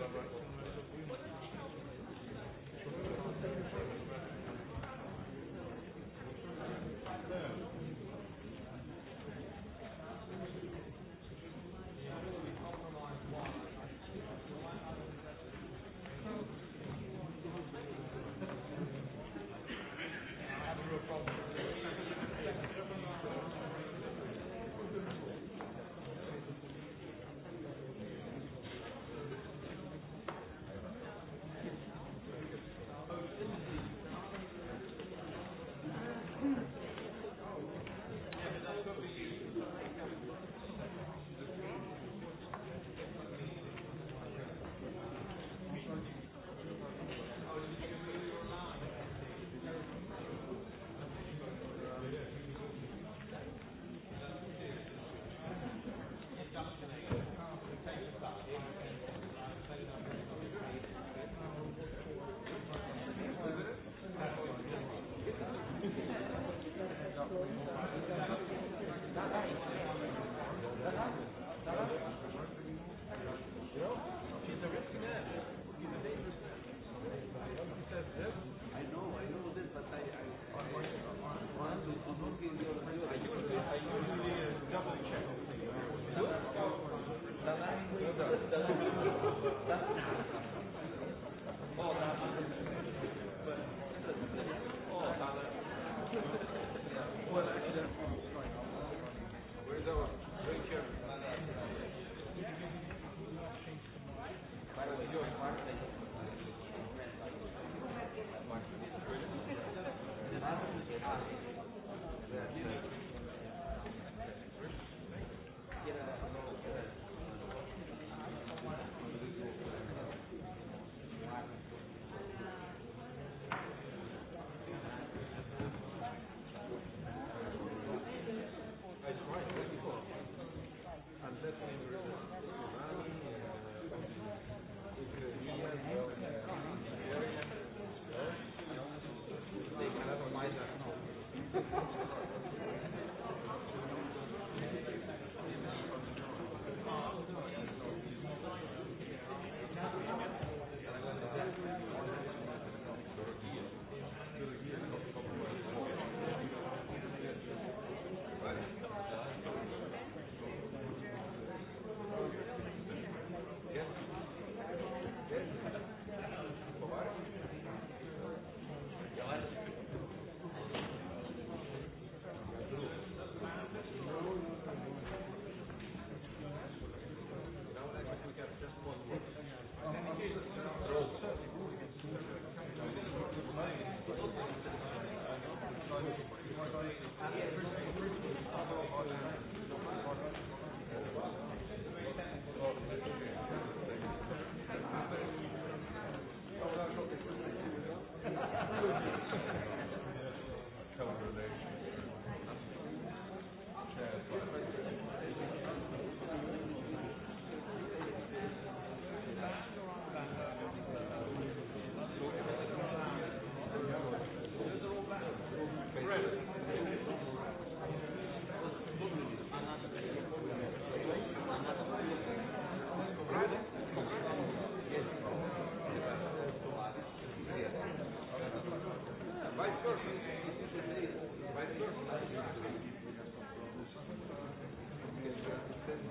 Thank you. Well,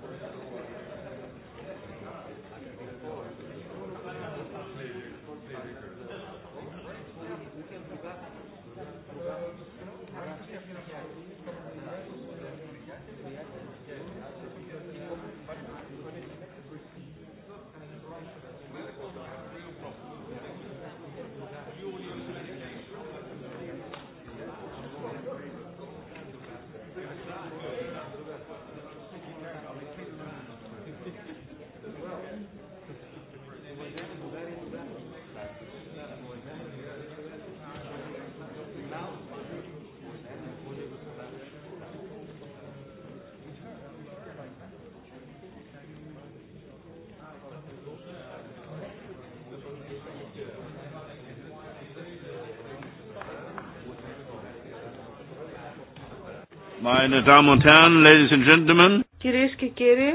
ποτέ δεν Meine Damen und Herren, Ladies and Gentlemen. Κυρίες και κύριοι.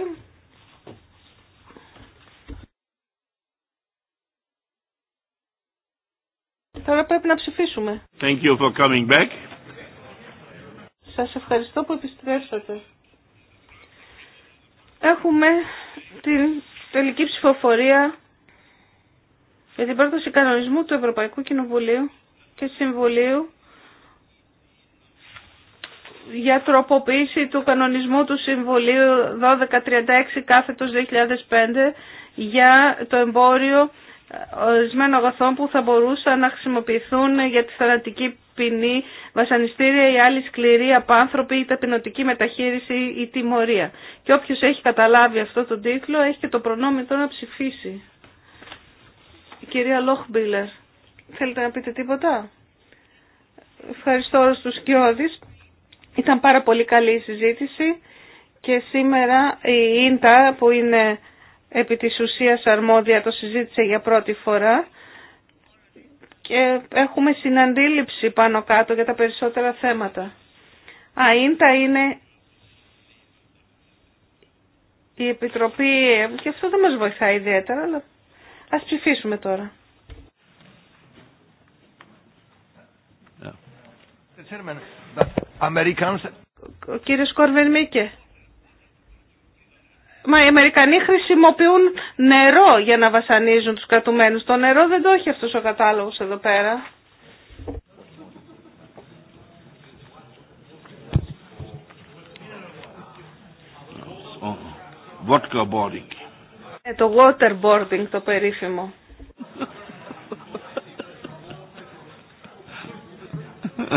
Τώρα πρέπει να ψηφίσουμε. Thank you for coming back. Σας ευχαριστώ που επιστρέψατε. Έχουμε την τελική ψηφοφορία για την πρόταση κανονισμού του Ευρωπαϊκού Κοινοβουλίου και Συμβουλίου για τροποποίηση του κανονισμού του Συμβουλίου 1236 κάθετος 2005 για το εμπόριο ορισμένων αγαθών που θα μπορούσαν να χρησιμοποιηθούν για τη θανατική ποινή, βασανιστήρια ή άλλη σκληρή, απάνθρωπη ή ταπεινωτική μεταχείριση ή τιμωρία. Και όποιος έχει καταλάβει αυτό τον τίτλο έχει και το προνόμιο να ψηφίσει. κυρία Λόχμπίλερ, θέλετε να πείτε τίποτα? Ευχαριστώ όλους κοιόδης ήταν πάρα πολύ καλή η συζήτηση και σήμερα η Ίντα που είναι επί της ουσίας αρμόδια το συζήτησε για πρώτη φορά και έχουμε συναντήληψη πάνω κάτω για τα περισσότερα θέματα. Α, Ίντα είναι η Επιτροπή και αυτό δεν μας βοηθάει ιδιαίτερα, αλλά ας ψηφίσουμε τώρα. Yeah. Ο κύριος Κόρβεν Μίκε. Μα οι Αμερικανοί χρησιμοποιούν νερό για να βασανίζουν τους κρατουμένους. Το νερό δεν το έχει αυτός ο κατάλογος εδώ πέρα. Ε, το waterboarding το περίφημο.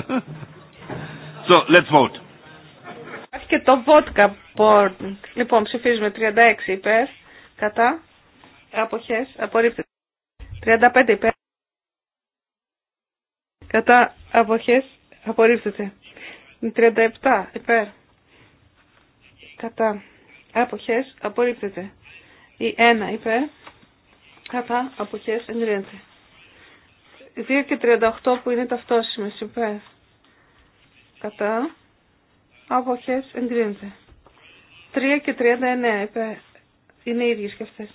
So, let's vote. Υπάρχει και το vodka board. Λοιπόν, ψηφίζουμε 36 υπέρ, κατά, αποχές, απορρίπτεται. 35 υπέρ, κατά, αποχές, απορρίπτεται. 37 υπέρ, κατά, αποχές, απορρίπτεται. Η 1 υπέρ, κατά, αποχές, εγκρίνεται. 2 και 38 που είναι ταυτόσιμες υπέρ κατά αποχές εγκρίνεται. 3 και 39 είναι οι ίδιες και αυτές.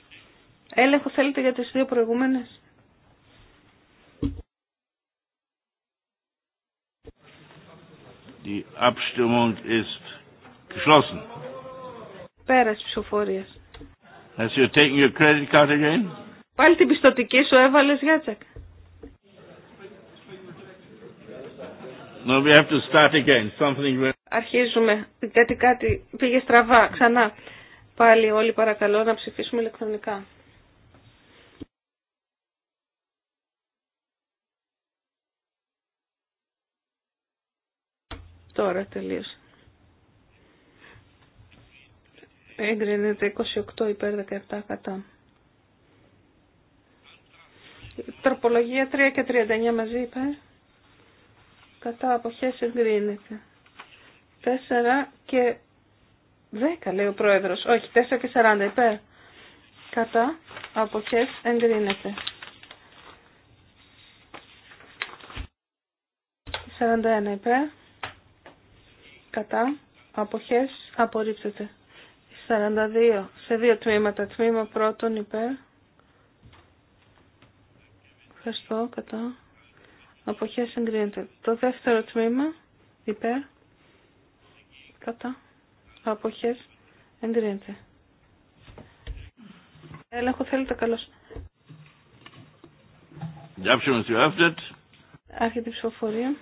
Έλεγχο θέλετε για τις δύο προηγούμενες. Die Abstimmung ist geschlossen. ψηφοφορίας. you your credit card again? Πάλι την πιστοτική σου έβαλες, Γιάτσακ. we have to start again. Something... Αρχίζουμε, γιατί κάτι πήγε στραβά, ξανά. Πάλι όλοι παρακαλώ να ψηφίσουμε ηλεκτρονικά. Τώρα τελείωσε. Έγκρινεται 28 υπέρ 17 κατά. Τροπολογία 3 και 39 μαζί υπέρ κατά αποχές εγκρίνεται. 4 και 10 λέει ο πρόεδρος. Όχι, 4 και 40 υπέρ. Κατά αποχές εγκρίνεται. 41 υπέρ. Κατά αποχές απορρίπτεται. 42 σε δύο τμήματα. Τμήμα πρώτον υπέρ. Ευχαριστώ, κατά Αποχές συγκρίνεται. Το δεύτερο τμήμα υπέρ κατά αποχές εγκρίνεται. Έλεγχο θέλετε καλώς. Άρχεται η ψηφοφορία.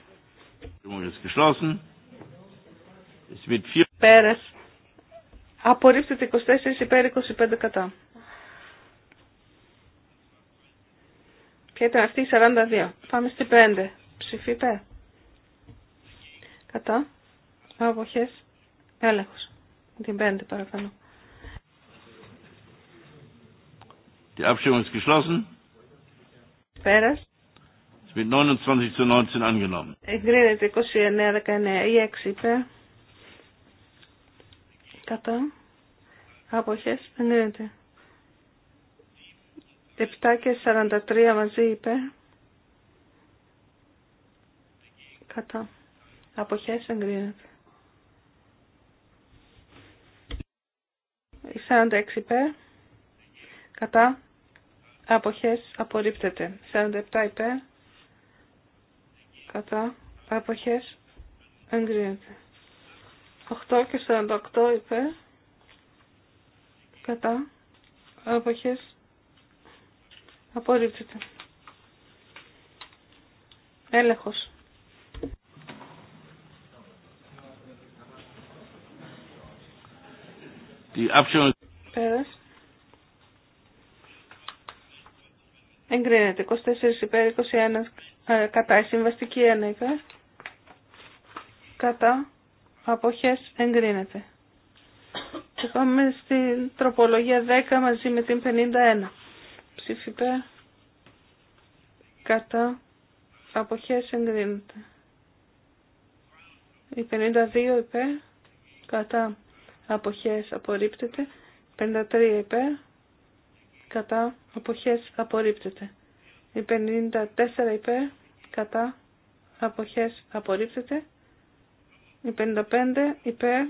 Πέρας. Απορρίπτεται 24 υπέρ 25 κατά. Και ήταν αυτή η 42. Πάμε στη 5. Ψηφίτε. Κατά. Αποχές. Έλεγχος. Την 5 παρακαλώ. Die Abstimmung ist geschlossen. Πέρας. Es wird 29 zu 19 angenommen. Εγκρίνεται 29-19. Η 6 είπε. Κατά. Αποχές. Εγκρίνεται. 7 και 43 μαζί είπε. Κατά. Αποχές εγκρίνεται. Η 46 είπε. Κατά. Αποχές απορρίπτεται. 47 είπε. Κατά. Αποχές εγκρίνεται. 8 και 48 είπε. Κατά. Αποχές Απορρίπτεται. Έλεγχος. Πέρας. Εγκρίνεται. 24 υπέρ, 21 ε, κατά. Η συμβαστική 1 Κατά. Αποχές εγκρίνεται. Και πάμε στην τροπολογία 10 μαζί με την 51. Ψήφιπε. Κατά. Αποχές εγκρίνεται. Η 52 υπέρ. Κατά. Αποχές απορρίπτεται. 53 υπέρ. Κατά. Αποχές απορρίπτεται. Η 54 υπέρ. Κατά. Αποχές απορρίπτεται. Η 55 υπέρ.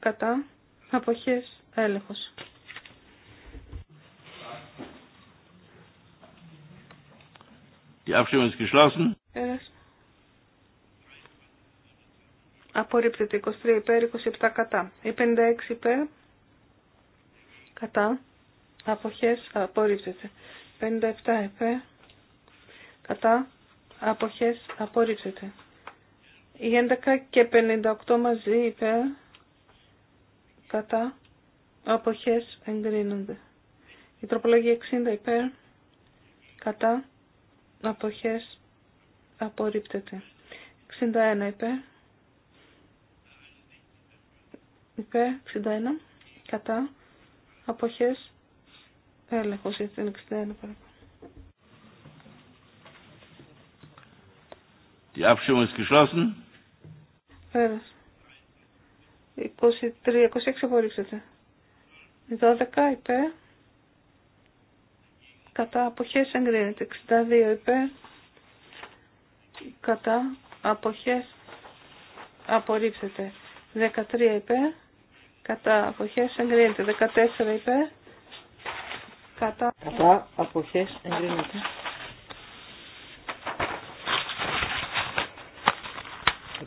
Κατά. Αποχές έλεγχος. Die Abstimmung ist geschlossen. Απορρίπτεται 23 υπέρ, 27 κατά. Η 56 υπέρ, κατά. Αποχές, απορρίπτεται. 57 υπέρ, κατά. Αποχές, απορρίπτεται. Η 11 και 58 μαζί υπέρ, κατά. Αποχές εγκρίνονται. Η τροπολογία 60 υπέρ, κατά αποχές απορρίπτεται. 61 είπε. Υπέρ 61. Κατά. Αποχές. Έλεγχος για την 61 παρακαλώ. Die Abstimmung ist geschlossen. 23, 26 Απορρίπτεται. 12 υπέρ κατά αποχές εγκρίνεται. 62 υπέρ κατά αποχές απορρίψεται. 13 υπέρ κατά αποχές εγκρίνεται. 14 υπέρ κατά, κατά αποχές εγκρίνεται.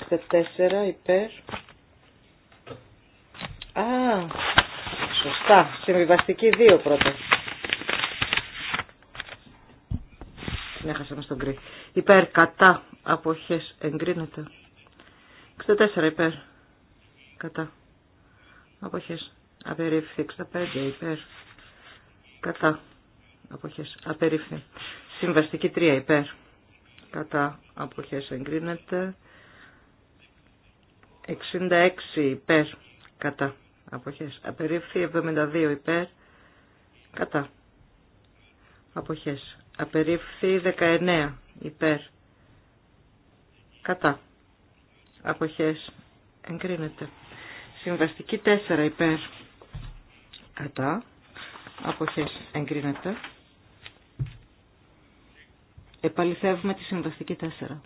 14 υπέρ. Α, σωστά. Συμβιβαστική 2 πρώτα. την έχασαμε στον γκρι. Υπέρ, κατά, αποχές, εγκρίνεται. 64 υπέρ, κατά, αποχές, απερίφθη. 65 υπέρ, κατά, αποχές, απερίφθη. Συμβαστική 3 υπέρ, κατά, αποχές, εγκρίνεται. 66 υπέρ, κατά, αποχές, απερίφθη. 72 υπέρ, κατά, αποχές, Απερίφθη 19 υπέρ. Κατά. Αποχές. Εγκρίνεται. Συμβαστική 4 υπέρ. Κατά. Αποχές. Εγκρίνεται. Επαληθεύουμε τη συμβαστική 4.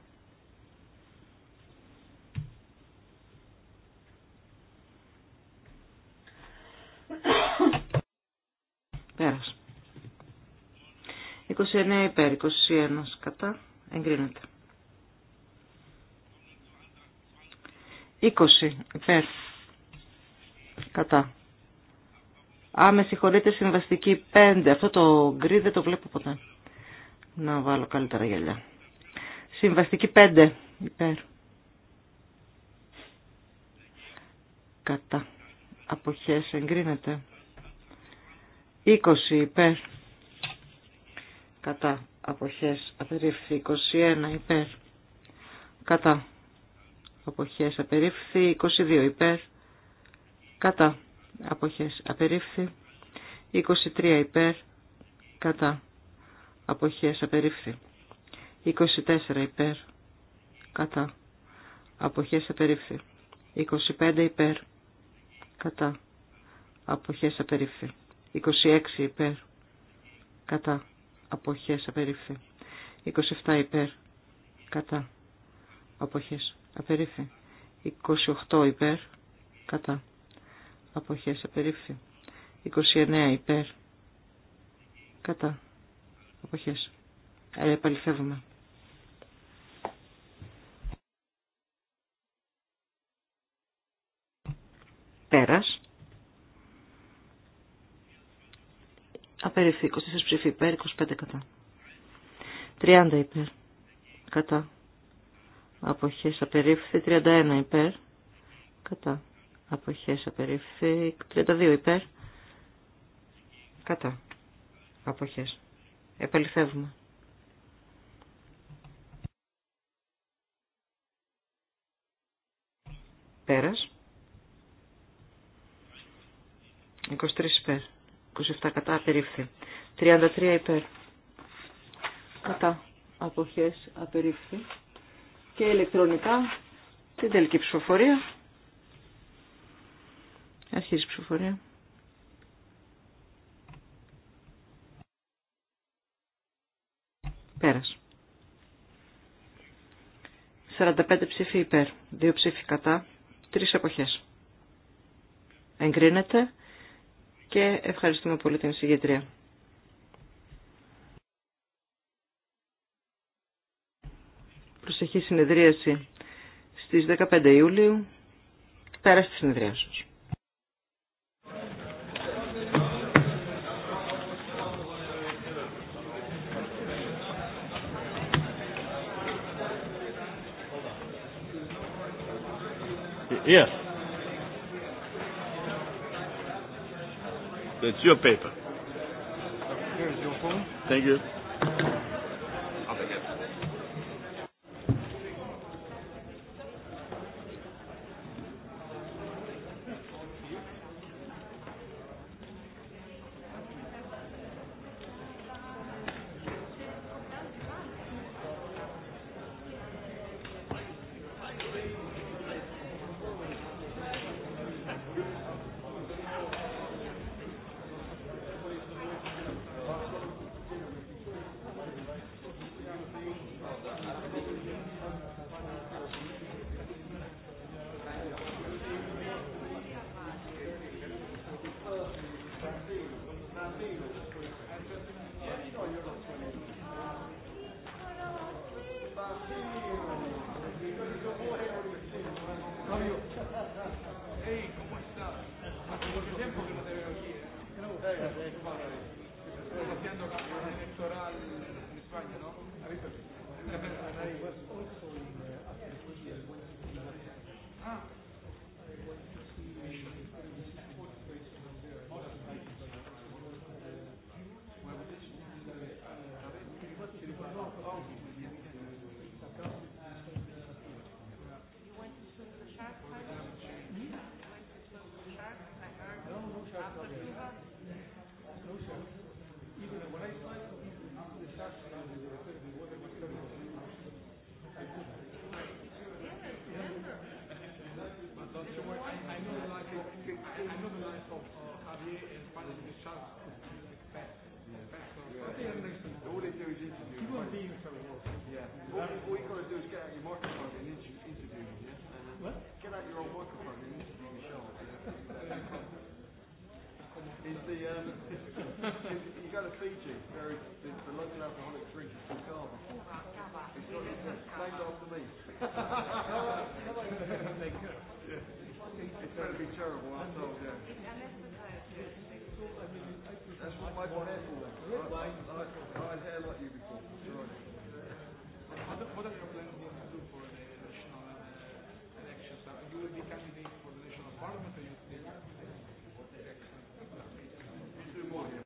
29 υπέρ, 21 κατά, εγκρίνεται. 20 υπέρ, κατά. Α, με συγχωρείτε, συμβαστική 5. Αυτό το γκρι δεν το βλέπω ποτέ. Να βάλω καλύτερα γυαλιά. Συμβαστική 5 υπέρ. Κατά. Αποχές εγκρίνεται. 20 υπέρ κατά αποχές απερίφθη 21 υπέρ κατά αποχές απερίφθη 22 υπέρ κατά αποχές απερίφθη 23 υπέρ κατά αποχές απερίφθη 24 υπέρ κατά αποχές απερίφθη 25 υπέρ κατά αποχές απερίφθη 26 υπέρ κατά αποχές απερίφθη. 27 υπέρ κατά αποχές απερίφθη. 28 υπέρ κατά αποχές απερίφθη. 29 υπέρ κατά αποχές. Ε, επαληθεύουμε. Πέρας. Απεριφθεί. 24 ψηφί, υπέρ, 25 κατά. 30 υπέρ. Κατά. Αποχές απερίφθη. 31 υπέρ. Κατά. Αποχές απερίφθη. 32 υπέρ. Κατά. Αποχές. Επαληθεύουμε. Πέρας. 23 υπέρ. 27 κατά απερίφθη. 33 υπέρ. Κατά αποχές απερίφθη. Και ηλεκτρονικά την τελική ψηφοφορία. Αρχίζει η ψηφοφορία. Πέρας. 45 ψήφοι υπέρ, 2 ψήφοι κατά, 3 εποχές. Εγκρίνεται και ευχαριστούμε πολύ την συγκεντρία. Προσεχή συνεδρίαση στις 15 Ιουλίου, πέρα στη συνεδρία σας. That's your paper. Here's your phone. Thank you.